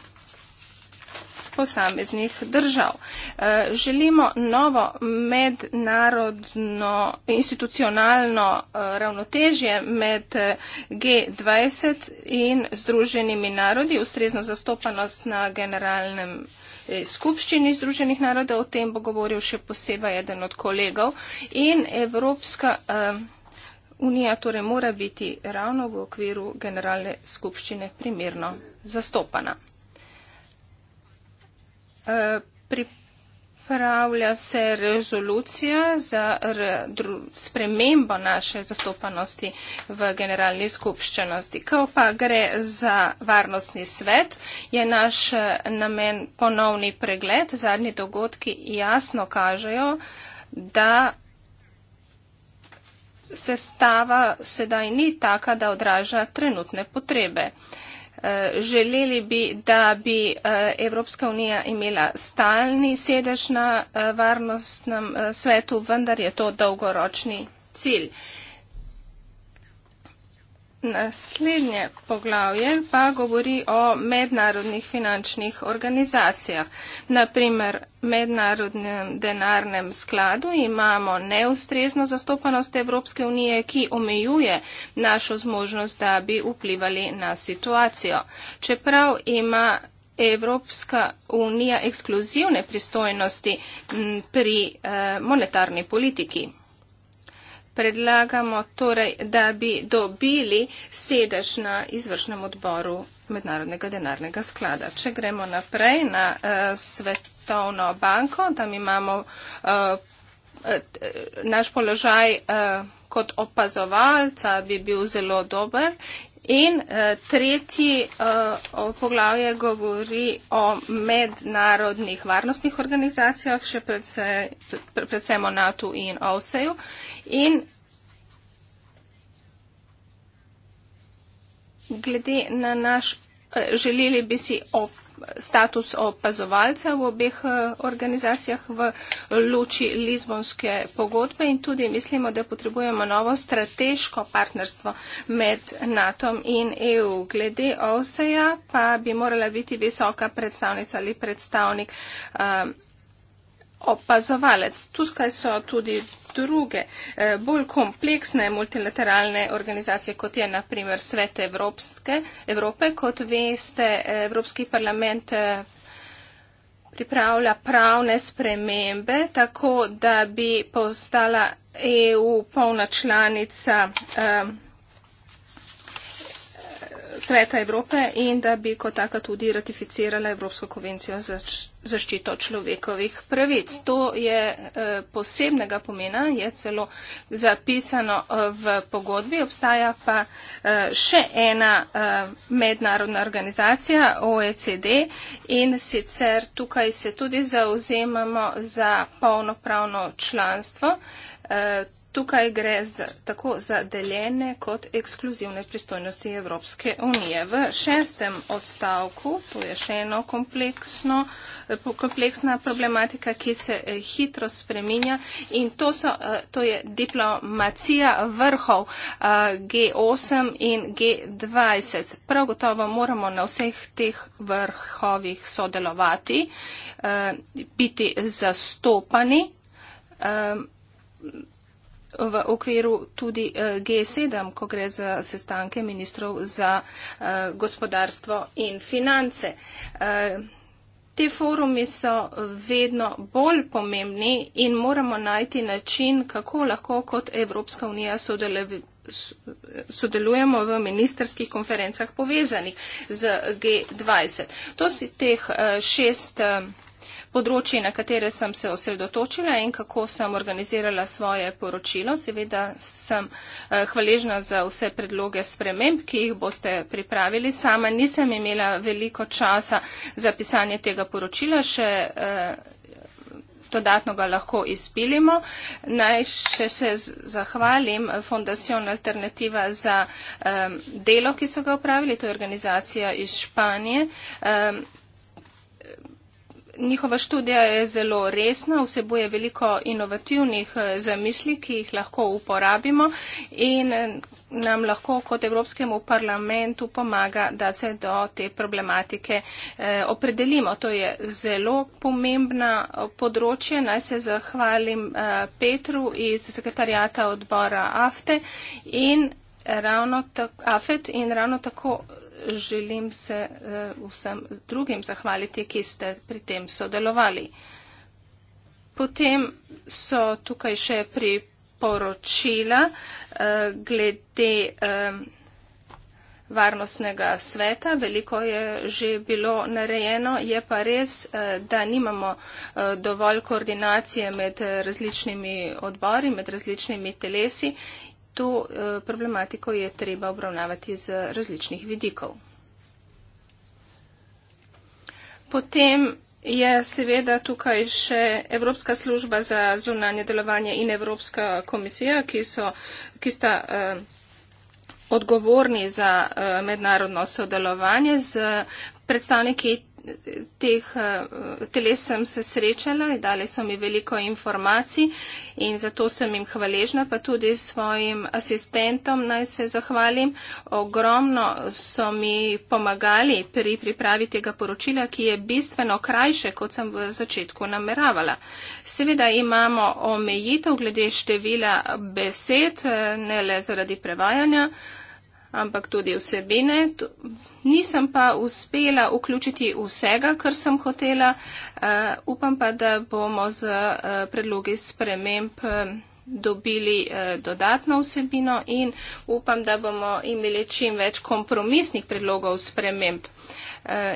posameznih držav. Eh, želimo novo mednarodno institucionalno eh, ravnotežje med eh, G20 in Združenimi narodi, ustrezno zastopanost na generalnem. Skupščini Združenih narodov, o tem bo govoril še posebej eden od kolegov. In Evropska uh, unija torej mora biti ravno v okviru generalne skupščine primerno zastopana pripravlja se rezolucija za spremembo naše zastopanosti v generalni skupščenosti. Ko pa gre za varnostni svet, je naš namen ponovni pregled. Zadnji dogodki jasno kažejo, da sestava sedaj ni taka, da odraža trenutne potrebe. Uh, Eh, želeli bi, da bi eh, Evropska unija imela stalni sedež na eh, varnostnem svetu, vendar je to dolgoročni cilj. Naslednje poglavje pa govori o mednarodnih finančnih organizacijah. Naprimer, mednarodnem denarnem skladu imamo neustrezno zastopanost Evropske unije, ki omejuje našo zmožnost, da bi vplivali na situacijo. Čeprav ima Evropska unija ekskluzivne pristojnosti pri eh, monetarni politiki predlagamo torej, da bi dobili sedež na izvršnem odboru Mednarodnega denarnega sklada. Če gremo naprej na uh, Svetovno banko, tam imamo uh, naš položaj. Uh, Kot opazovalca bi bil zelo dober In uh, tretji uh, poglavje govori o mednarodnih varnostnih organizacijah, še predvsem o NATO in OSEJU. In glede na naš, uh, želeli bi si opraviti, status opazovalca v obeh eh, organizacijah v luči Lizbonske pogodbe in tudi mislimo, da potrebujemo novo strateško partnerstvo med NATO in EU. Glede OSEA pa bi morala biti visoka predstavnica ali predstavnik um, opazovalec. Tukaj so tudi druge eh, bolj kompleksne multilateralne organizacije, kot je na primer Svet Evropske, Evrope. Kot veste, eh, Evropski parlament eh, pripravlja pravne spremembe, tako da bi postala EU polna članica. Eh, sveta Evrope in da bi kot taka tudi ratificirala Evropsko konvencijo za zaščito človekovih pravic. To je eh, posebnega pomena, je celo zapisano eh, v pogodbi. Obstaja pa eh, še ena mednarodna organizacija, OECD, in sicer tukaj se tudi zauzemamo za polnopravno članstvo. Tukaj gre za, tako za deljene kot ekskluzivne pristojnosti Evropske unije. V šestem odstavku, to je še eno kompleksno, kompleksna problematika, ki se eh, hitro spreminja in to, so, eh, to je diplomacija vrhov eh, G8 in G20. Prav gotovo moramo na vseh teh vrhovih sodelovati, biti zastopani v okviru tudi eh, G7, ko gre za sestanke ministrov za eh, gospodarstvo in finance. Eh, te forumi so vedno bolj pomembni in moramo najti način, kako lahko kot Evropska unija sodelujemo v ministerskih konferencah povezanih z G20. To si teh šest področji, na katere sem se osredotočila in kako sem organizirala svoje poročilo. Seveda sem eh, hvaležna za vse predloge sprememb, ki jih boste pripravili. Sama nisem imela veliko časa za pisanje tega poročila. Še, eh, dodatno ga lahko izpilimo. Naj še se zahvalim Fondacion Alternativa za um, delo, ki so ga upravili, to je organizacija iz Španije. Um, njihova študija je zelo resna, vsebuje veliko inovativnih eh, zamisli, ki jih lahko uporabimo in eh, nam lahko kot Evropskemu parlamentu pomaga, da se do te problematike eh, opredelimo. To je zelo pomembna področje. Naj se zahvalim Petru iz sekretarjata odbora AFTE in ravno tako, AFET in ravno tako želim se eh, vsem drugim zahvaliti, ki ste pri tem sodelovali. Potem so tukaj še priporočila eh, glede eh, varnostnega sveta. Veliko je že bilo narejeno. Je pa res, da nimamo dovolj koordinacije med različnimi odbori, med različnimi telesi to eh, problematiko je treba obravnavati z različnih vidikov. Potem je seveda tukaj še Evropska služba za zunanje delovanje in Evropska komisija, ki, so, ki sta eh, odgovorni za eh, mednarodno sodelovanje z predstavniki teh eh, telesem se srečala, dali so mi veliko informacij in zato sem jim hvaležna, pa tudi svojim asistentom naj se zahvalim. Ogromno so mi pomagali pri pripravi tega poročila, ki je bistveno krajše, kot sem v začetku nameravala. Seveda imamo omejitev glede števila besed, eh, ne le zaradi prevajanja ampak tudi vsebine. Nisem pa uspela vključiti vsega, kar sem hotela. Eh, upam pa, da bomo z eh, predlogi sprememb eh, dobili dodatno vsebino in upam, da bomo imeli čim več kompromisnih predlogov sprememb.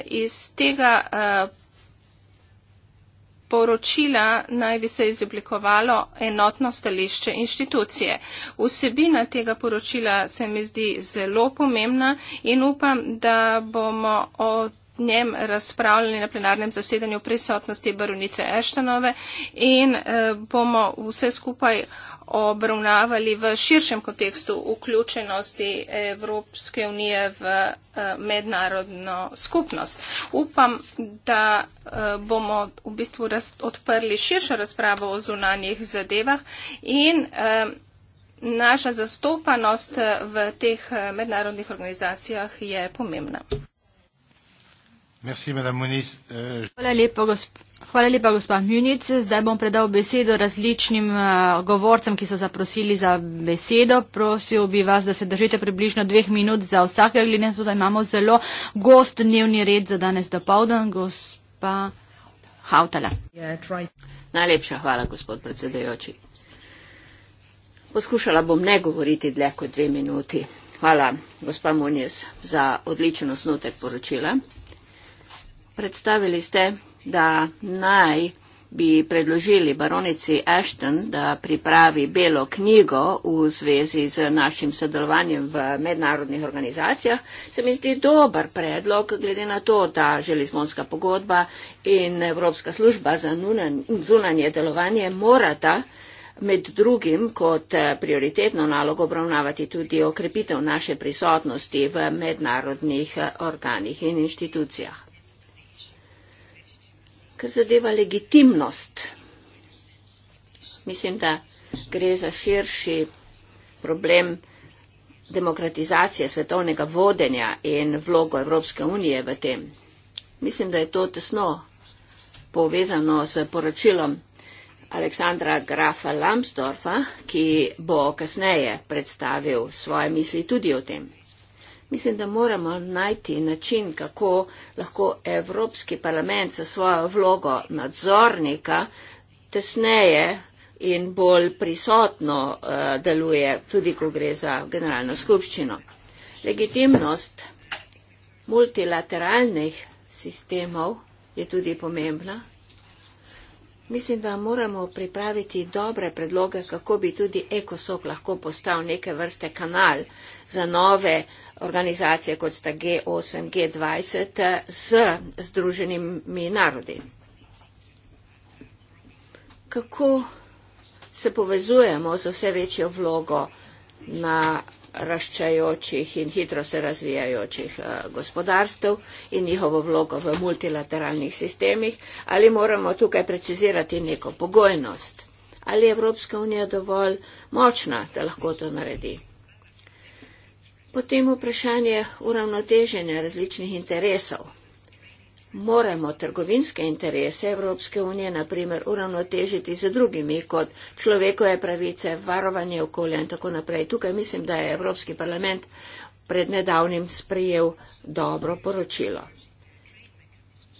Iz tega poročila naj bi se izoblikovalo enotno stališče inštitucije. Vsebina tega poročila se mi zdi zelo pomembna in upam, da bomo o njem razpravljali na plenarnem zasedanju prisotnosti baronice Eštanove in eh, bomo vse skupaj obravnavali v širšem kontekstu vključenosti Evropske unije v eh, mednarodno skupnost. Upam, da eh, bomo v bistvu odprli širšo razpravo o zunanjih zadevah in eh, naša zastopanost v teh mednarodnih organizacijah je pomembna. Euh, hvala lepa, gospa Munic. Zdaj bom predal besedo različnim uh, govorcem, ki so zaprosili za besedo. Prosil bi vas, da se držite približno dveh minut za vsake, glede na to, da imamo zelo gost dnevni red za danes do povdan, gospa Hautala. Yeah, Najlepša hvala, gospod predsedajoči. Poskušala bom ne govoriti dlje kot dve minuti. Hvala, gospa Munic, za odličen osnutek poročila predstavili ste, da naj bi predložili baronici Ashton, da pripravi belo knjigo v zvezi z našim sodelovanjem v mednarodnih organizacijah, se mi zdi dober predlog, glede na to, da železmonska pogodba in Evropska služba za zunanje delovanje morata med drugim kot eh, prioritetno nalogo obravnavati tudi okrepitev naše prisotnosti v mednarodnih eh, organih in inštitucijah kar zadeva legitimnost. Mislim, da gre za širši problem demokratizacije svetovnega vodenja in vlogo Evropske unije v tem. Mislim, da je to tesno povezano s poročilom Aleksandra Grafa Lambsdorfa, ki bo kasneje predstavil svoje misli tudi o tem. Mislim, da moramo najti način, kako lahko Evropski parlament sa svojo vlogo nadzornika tesneje in bolj prisotno eh, deluje, tudi ko gre za generalno skupščino. Legitimnost multilateralnih sistemov je tudi pomembna. Mislim, da moramo pripraviti dobre predloge, kako bi tudi ECOSOC lahko postal neke vrste kanal za nove uh, organizacije, kot sta G8, G20, s Združenimi narodi. Kako se povezujemo z vse večjo vlogo na raščajočih in hitro se razvijajočih eh, gospodarstv in njihovo vlogo v multilateralnih sistemih, ali moramo tukaj precizirati neko pogojnost, ali je Evropska unija dovolj močna, da lahko to naredi. Potem vprašanje uravnoteženja različnih interesov. Moramo trgovinske interese Evropske unije, na primer, uravnotežiti z drugimi, kot človekove pravice, varovanje okolja in tako naprej. Tukaj mislim, da je Evropski parlament pred nedavnim sprejel dobro poročilo.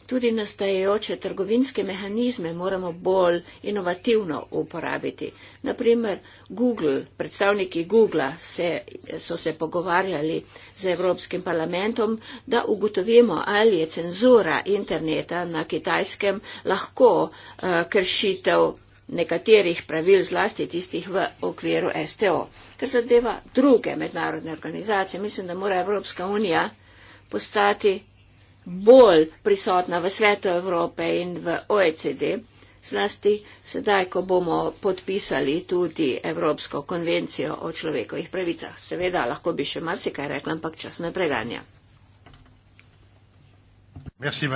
Tudi nastajajoče trgovinske mehanizme moramo bolj inovativno uporabiti. Naprimer, Google, predstavniki Google se, so se pogovarjali z Evropskim parlamentom, da ugotovimo, ali je cenzura interneta na kitajskem lahko uh, kršitev nekaterih pravil, zlasti tistih v okviru STO. Kar zadeva druge mednarodne organizacije, mislim, da mora Evropska unija postati bolj prisotna v svetu Evrope in v OECD, zlasti sedaj, ko bomo podpisali tudi Evropsko konvencijo o človekovih pravicah. Seveda, lahko bi še marsikaj rekla, ampak čas me preganja. Merci,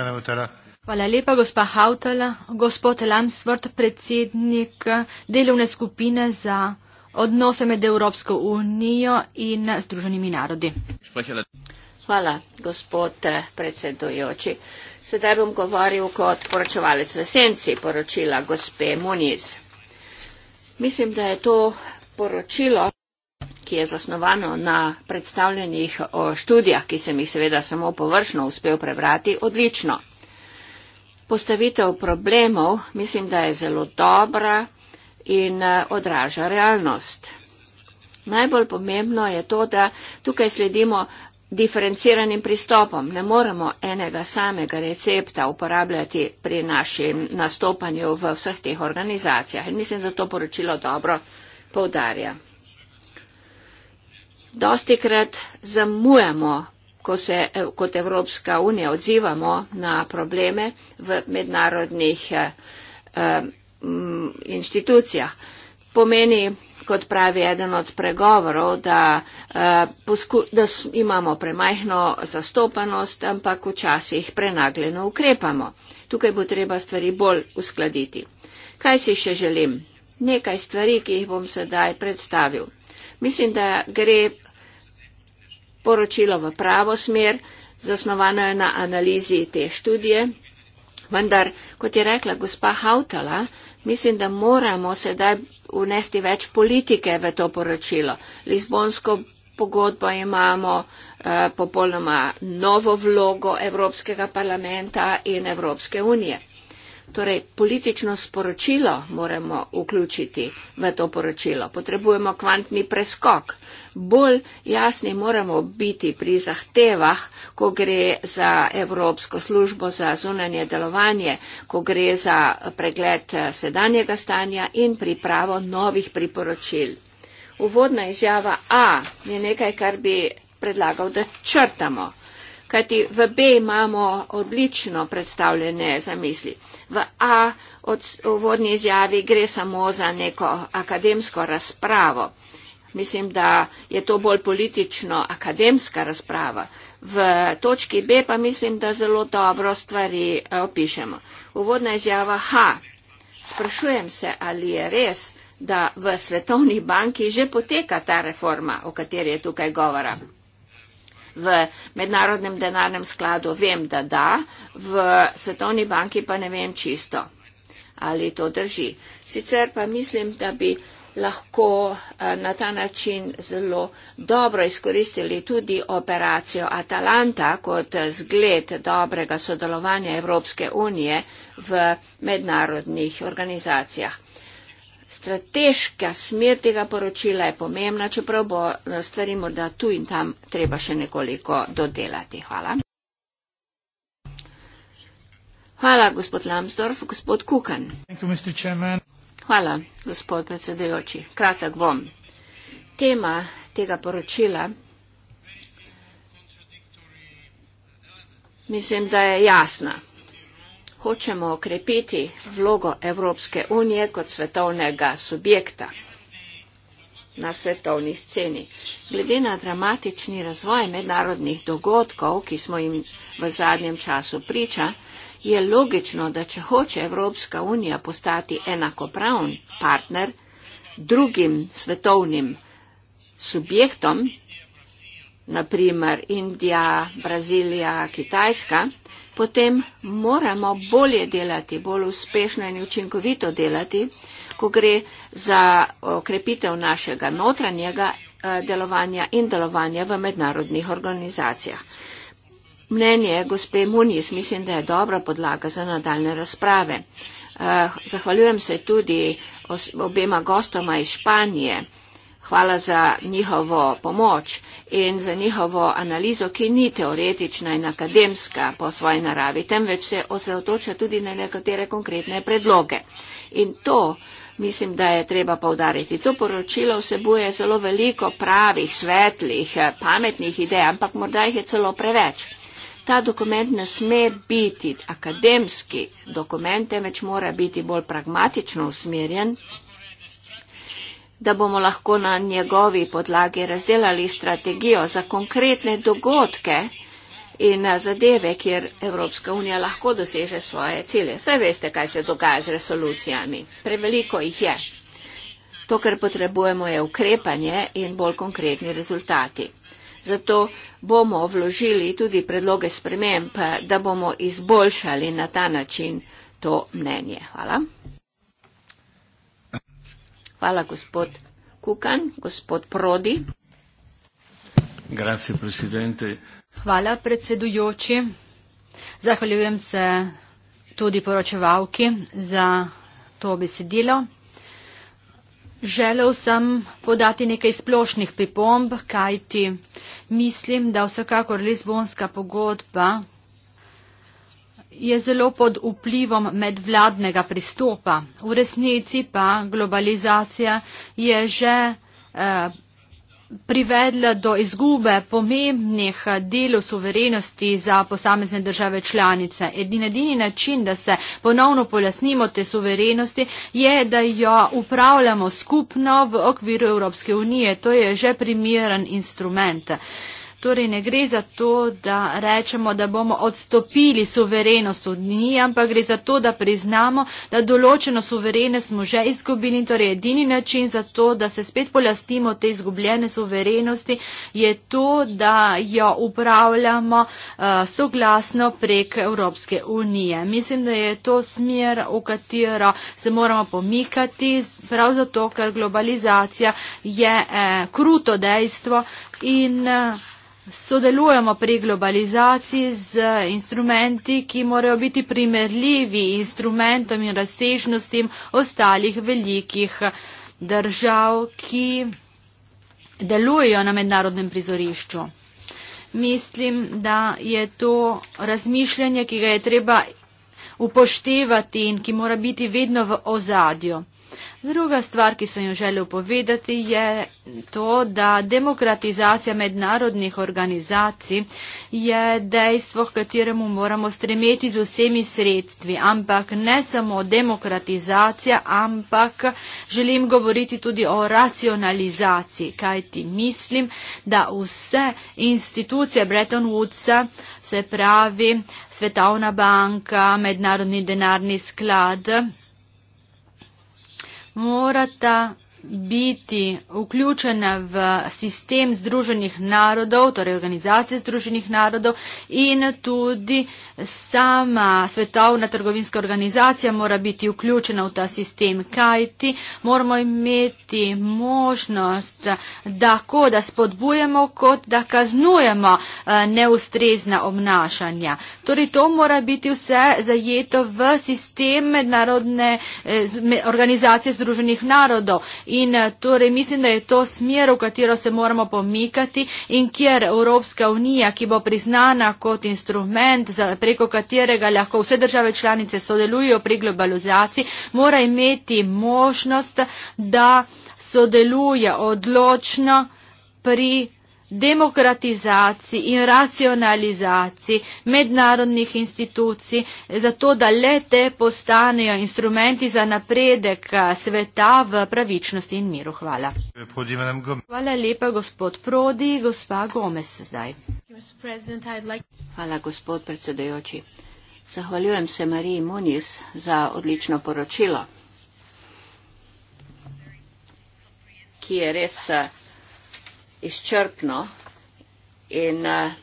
Hvala lepa, gospa Hautala. Gospod Lamsvrt, predsednik delovne skupine za odnose med Evropsko unijo in Združenimi narodi. Sprehele. Hvala, gospod eh, predsedujoči. Sedaj bom govoril kot poročevalec v senci poročila gospe Muniz. Mislim, da je to poročilo, ki je zasnovano na predstavljenih študijah, ki sem jih seveda samo površno uspel prebrati, odlično. Postavitev problemov mislim, da je zelo dobra in eh, odraža realnost. Najbolj pomembno je to, da tukaj sledimo diferenciranim pristopom. Ne moremo enega samega recepta uporabljati pri našem nastopanju v vseh teh organizacijah. In mislim, da to poročilo dobro povdarja. Dosti krat zamujamo, ko se kot Evropska unija odzivamo na probleme v mednarodnih eh, inštitucijah. Pomeni, kot pravi eden od pregovorov, da, eh, da imamo premajhno zastopanost, ampak včasih prenagljeno ukrepamo. Tukaj bo treba stvari bolj uskladiti. Kaj si še želim? Nekaj stvari, ki jih bom sedaj predstavil. Mislim, da gre poročilo v pravo smer, zasnovano je na analizi te študije. Vendar, kot je rekla gospa Hautala, mislim, da moramo sedaj vnesti več politike v to poročilo. Lizbonsko pogodbo imamo eh, popolnoma novo vlogo Evropskega parlamenta in Evropske unije. Torej, politično sporočilo moramo vključiti v to poročilo. Potrebujemo kvantni preskok. Bolj jasni moramo biti pri zahtevah, ko gre za Evropsko službo za zunanje delovanje, ko gre za pregled eh, sedanjega stanja in pripravo novih priporočil. Uvodna izjava A je nekaj, kar bi predlagal, da črtamo kajti v B imamo odlično predstavljene zamisli. V A od uvodni izjavi gre samo za neko akademsko razpravo. Mislim, da je to bolj politično-akademska razprava. V točki B pa mislim, da zelo dobro stvari eh, opišemo. Uvodna izjava H. Sprašujem se, ali je res, da v Svetovni banki že poteka ta reforma, o kateri je tukaj govora v mednarodnem denarnem skladu vem, da da, v Svetovni banki pa ne vem čisto, ali to drži. Sicer pa mislim, da bi lahko eh, na ta način zelo dobro izkoristili tudi operacijo Atalanta kot zgled dobrega sodelovanja Evropske unije v mednarodnih organizacijah strateška smer tega poročila je pomembna, čeprav bo eh, stvari morda tu in tam treba še nekoliko dodelati. Hvala. Hvala, gospod Lambsdorff. Gospod Kukan. Hvala, gospod predsedujoči. Kratek bom. Tema tega poročila, mislim, da je jasna hočemo okrepiti vlogo Evropske unije kot svetovnega subjekta na svetovni sceni. Glede na dramatični razvoj mednarodnih dogodkov, ki smo jim v zadnjem času priča, je logično, da če hoče Evropska unija postati enakopravn partner drugim svetovnim subjektom, naprimer Indija, Brazilija, Kitajska, potem moramo bolje delati, bolj uspešno in učinkovito delati, ko gre za okrepitev našega notranjega e, delovanja in delovanja v mednarodnih organizacijah. Mnenje gospe Muniz mislim, da je dobra podlaga za nadaljne razprave. E, zahvaljujem se tudi obema gostoma iz Španije. Hvala za njihovo pomoč in za njihovo analizo, ki ni teoretična in akademska po svoji naravi, temveč se osredotoča tudi na nekatere konkretne predloge. In to mislim, da je treba povdariti. To poročilo vsebuje zelo veliko pravih, svetlih, pametnih idej, ampak morda jih je celo preveč. Ta dokument ne sme biti akademski dokument, temveč mora biti bolj pragmatično usmerjen da bomo lahko na njegovi podlagi razdelali strategijo za konkretne dogodke in eh, zadeve, kjer Evropska unija lahko doseže svoje cilje. Saj veste, kaj se dogaja z resolucijami. Preveliko jih je. To, kar potrebujemo, je ukrepanje in bolj konkretni rezultati. Zato bomo vložili tudi predloge sprememb, eh, da bomo izboljšali na ta način to mnenje. Hvala. Hvala, gospod Kukan. Gospod Prodi. Hvala, predsedujoči. Zahvaljujem se tudi poročevalki za to besedilo. Želel sem podati nekaj splošnih pripomb, kajti mislim, da vsekakor Lizbonska pogodba je zelo pod vplivom medvladnega pristopa. V resnici pa globalizacija je že eh, privedla do izgube pomembnih delov suverenosti za posamezne države članice. Edini, edini način, da se ponovno pojasnimo te suverenosti, je, da jo upravljamo skupno v okviru Evropske unije. To je že primeren instrument. Uh, Torej ne gre za to, da rečemo, da bomo odstopili suverenost od njih, ampak gre za to, da priznamo, da določeno suverene smo že izgubili. Torej edini način za to, da se spet polastimo te izgubljene suverenosti, je to, da jo upravljamo uh, soglasno prek Evropske unije. Mislim, da je to smer, v katero se moramo pomikati, prav zato, ker globalizacija je eh, kruto dejstvo in eh, Sodelujemo pri globalizaciji z instrumenti, ki morajo biti primerljivi instrumentom in razsežnostim ostalih velikih držav, ki delujejo na mednarodnem prizorišču. Mislim, da je to razmišljanje, ki ga je treba upoštevati in ki mora biti vedno v ozadju. Druga stvar, ki sem jo želel povedati, je to, da demokratizacija mednarodnih organizacij je dejstvo, h kateremu moramo stremeti z vsemi sredstvi, ampak ne samo demokratizacija, ampak želim govoriti tudi o racionalizaciji, kajti mislim, da vse institucije Bretton Woodsa, se pravi Svetovna banka, Mednarodni denarni sklad, morata biti vključena v sistem Združenih narodov, torej organizacije Združenih narodov in tudi sama svetovna trgovinska organizacija mora biti vključena v ta sistem, kajti moramo imeti možnost, da ko da spodbujemo, kot da kaznujemo eh, neustrezna obnašanja. Torej to mora biti vse zajeto v sistem mednarodne eh, organizacije Združenih narodov. In In eh, torej mislim, da je to smer, v katero se moramo pomikati in kjer Evropska unija, ki bo priznana kot instrument, za, preko katerega lahko vse države članice sodelujo pri globalizaciji, mora imeti možnost, da sodeluje odločno pri demokratizaciji in racionalizaciji mednarodnih institucij, zato da le te postanejo instrumenti za napredek sveta v pravičnosti in miru. Hvala. Hvala lepa, gospod Prodi. Gospa Gomez zdaj. Hvala, gospod predsedajoči. Zahvaljujem se Mariji Muniz za odlično poročilo, ki je res izčrpno in eh,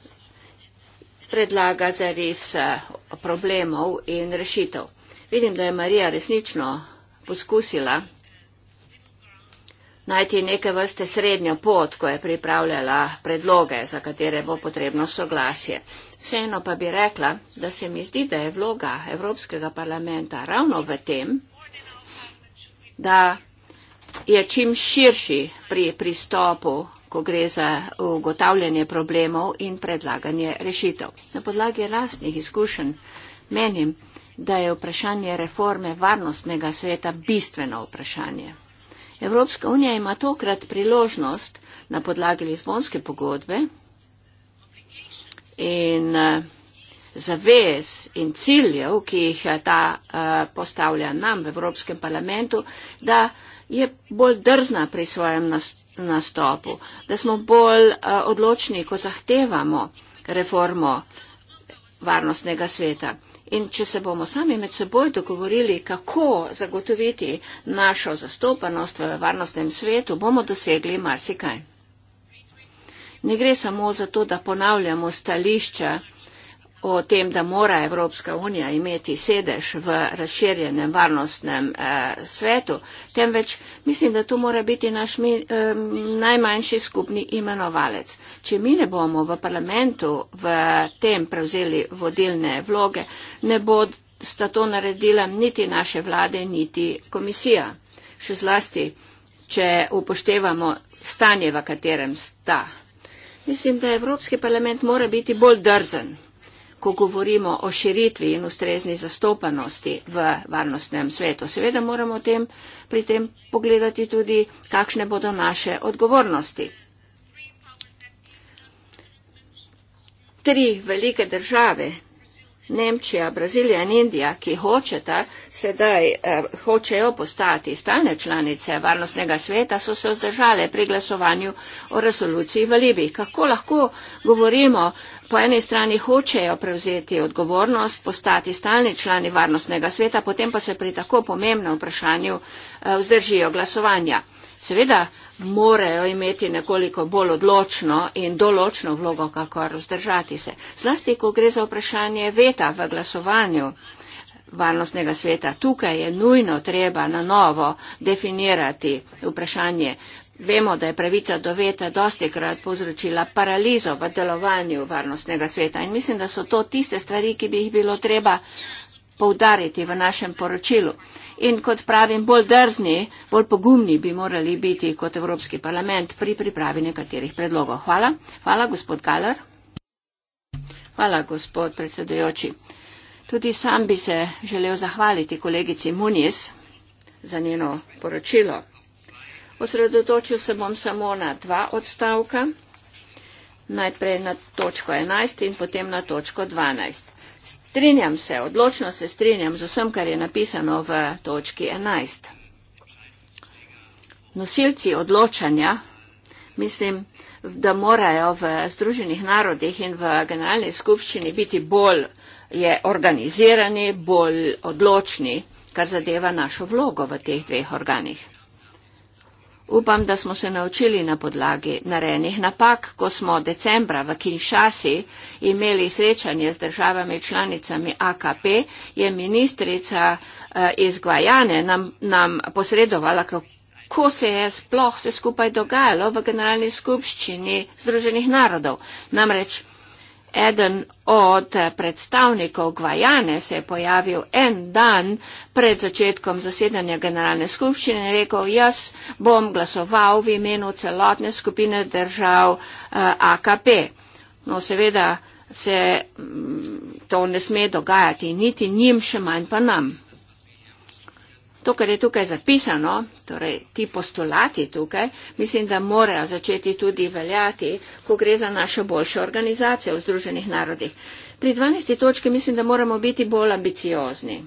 predlaga zares eh, problemov in rešitev. Vidim, da je Marija resnično poskusila najti neke vrste srednjo pot, ko je pripravljala predloge, za katere bo potrebno soglasje. Vseeno pa bi rekla, da se mi zdi, da je vloga Evropskega parlamenta ravno v tem, da je čim širši pri pristopu ko gre za ugotavljanje problemov in predlaganje rešitev. Na podlagi rastnih izkušenj menim, da je vprašanje reforme varnostnega sveta bistveno vprašanje. Evropska unija ima tokrat priložnost na podlagi Lizbonske pogodbe in eh, zavez in ciljev, ki jih eh, ta eh, postavlja nam v Evropskem parlamentu, da je bolj drzna pri svojem nastopu nastopu, da smo bolj eh, odločni, ko zahtevamo reformo varnostnega sveta. In če se bomo sami med seboj dogovorili, kako zagotoviti našo zastopanost v varnostnem svetu, bomo dosegli marsikaj. Ne gre samo za to, da ponavljamo stališča o tem, da mora Evropska unija imeti sedež v razširjenem varnostnem eh, svetu, temveč mislim, da to mora biti naš mi, eh, najmanjši skupni imenovalec. Če mi ne bomo v parlamentu v tem prevzeli vodilne vloge, ne bo sta to naredila niti naše vlade, niti komisija. Še zlasti, če upoštevamo stanje, v katerem sta. Mislim, da Evropski parlament mora biti bolj drzen ko govorimo o širitvi in ustrezni zastopanosti v varnostnem svetu. Seveda moramo tem, pri tem pogledati tudi, kakšne bodo naše odgovornosti. Tri velike države, Nemčija, Brazilija in Indija, ki hočeta sedaj, eh, hočejo postati stalne članice varnostnega sveta, so se vzdržale pri glasovanju o resoluciji v Libiji. Kako lahko govorimo, po eni strani hočejo prevzeti odgovornost, postati stalni člani varnostnega sveta, potem pa se pri tako pomembnem vprašanju eh, vzdržijo glasovanja. Seveda, morajo imeti nekoliko bolj odločno in določno vlogo, kako razdržati se. Zlasti, ko gre za vprašanje veta v glasovanju varnostnega sveta, tukaj je nujno treba na novo definirati vprašanje. Vemo, da je pravica do veta dosti krat povzročila paralizo v delovanju varnostnega sveta in mislim, da so to tiste stvari, ki bi jih bilo treba poudariti v našem poročilu in kot pravim, bolj drzni, bolj pogumni bi morali biti kot Evropski parlament pri pripravi nekaterih predlogov. Hvala. Hvala, gospod Galer. Hvala, gospod predsedujoči. Tudi sam bi se želel zahvaliti kolegici Muniz za njeno poročilo. Osredotočil se bom samo na dva odstavka, najprej na točko 11 in potem na točko 12. Strinjam se, odločno se strinjam z vsem, kar je napisano v točki 11. Nosilci odločanja, mislim, da morajo v Združenih narodih in v generalni skupščini biti bolj je organizirani, bolj odločni, kar zadeva našo vlogo v teh dveh organih. Upam, da smo se naučili na podlagi narejenih napak, ko smo decembra v Kinšasi imeli srečanje z državami članicami AKP, je ministrica eh, iz Gvajane nam, nam posredovala, kako se je sploh se skupaj dogajalo v generalni skupščini Združenih narodov. Namreč eden od predstavnikov Gvajane se je pojavil en dan pred začetkom zasedanja generalne skupščine in rekel, jaz bom glasoval v imenu celotne skupine držav eh, AKP. No, seveda se mm, to ne sme dogajati, niti njim, še manj pa nam to, kar je tukaj zapisano, torej ti postulati tukaj, mislim, da morajo začeti tudi veljati, ko gre za našo boljšo organizacijo v Združenih narodih. Pri 12. točki mislim, da moramo biti bolj ambiciozni.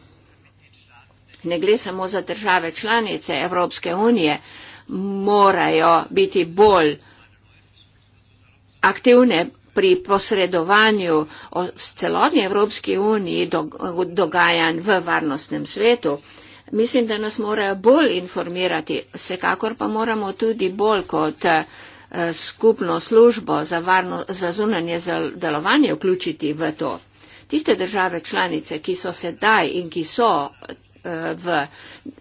Ne gre samo za države članice Evropske unije, morajo biti bolj aktivne pri posredovanju s celotni Evropski uniji dogajanj v varnostnem svetu mislim, da nas morajo bolj informirati. Vsekakor pa moramo tudi bolj kot eh, skupno službo za, varno, za zunanje za delovanje vključiti v to. Tiste države članice, ki so sedaj in ki so eh, v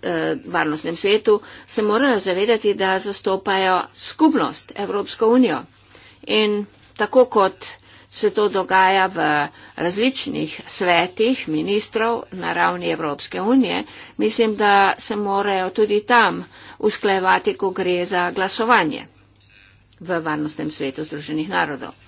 eh, varnostnem svetu, se morajo zavedati, da zastopajo skupnost, Evropsko unijo. In tako kot se to dogaja v različnih svetih ministrov na ravni Evropske unije, mislim, da se morajo tudi tam usklajevati, ko gre za glasovanje v varnostnem svetu Združenih narodov.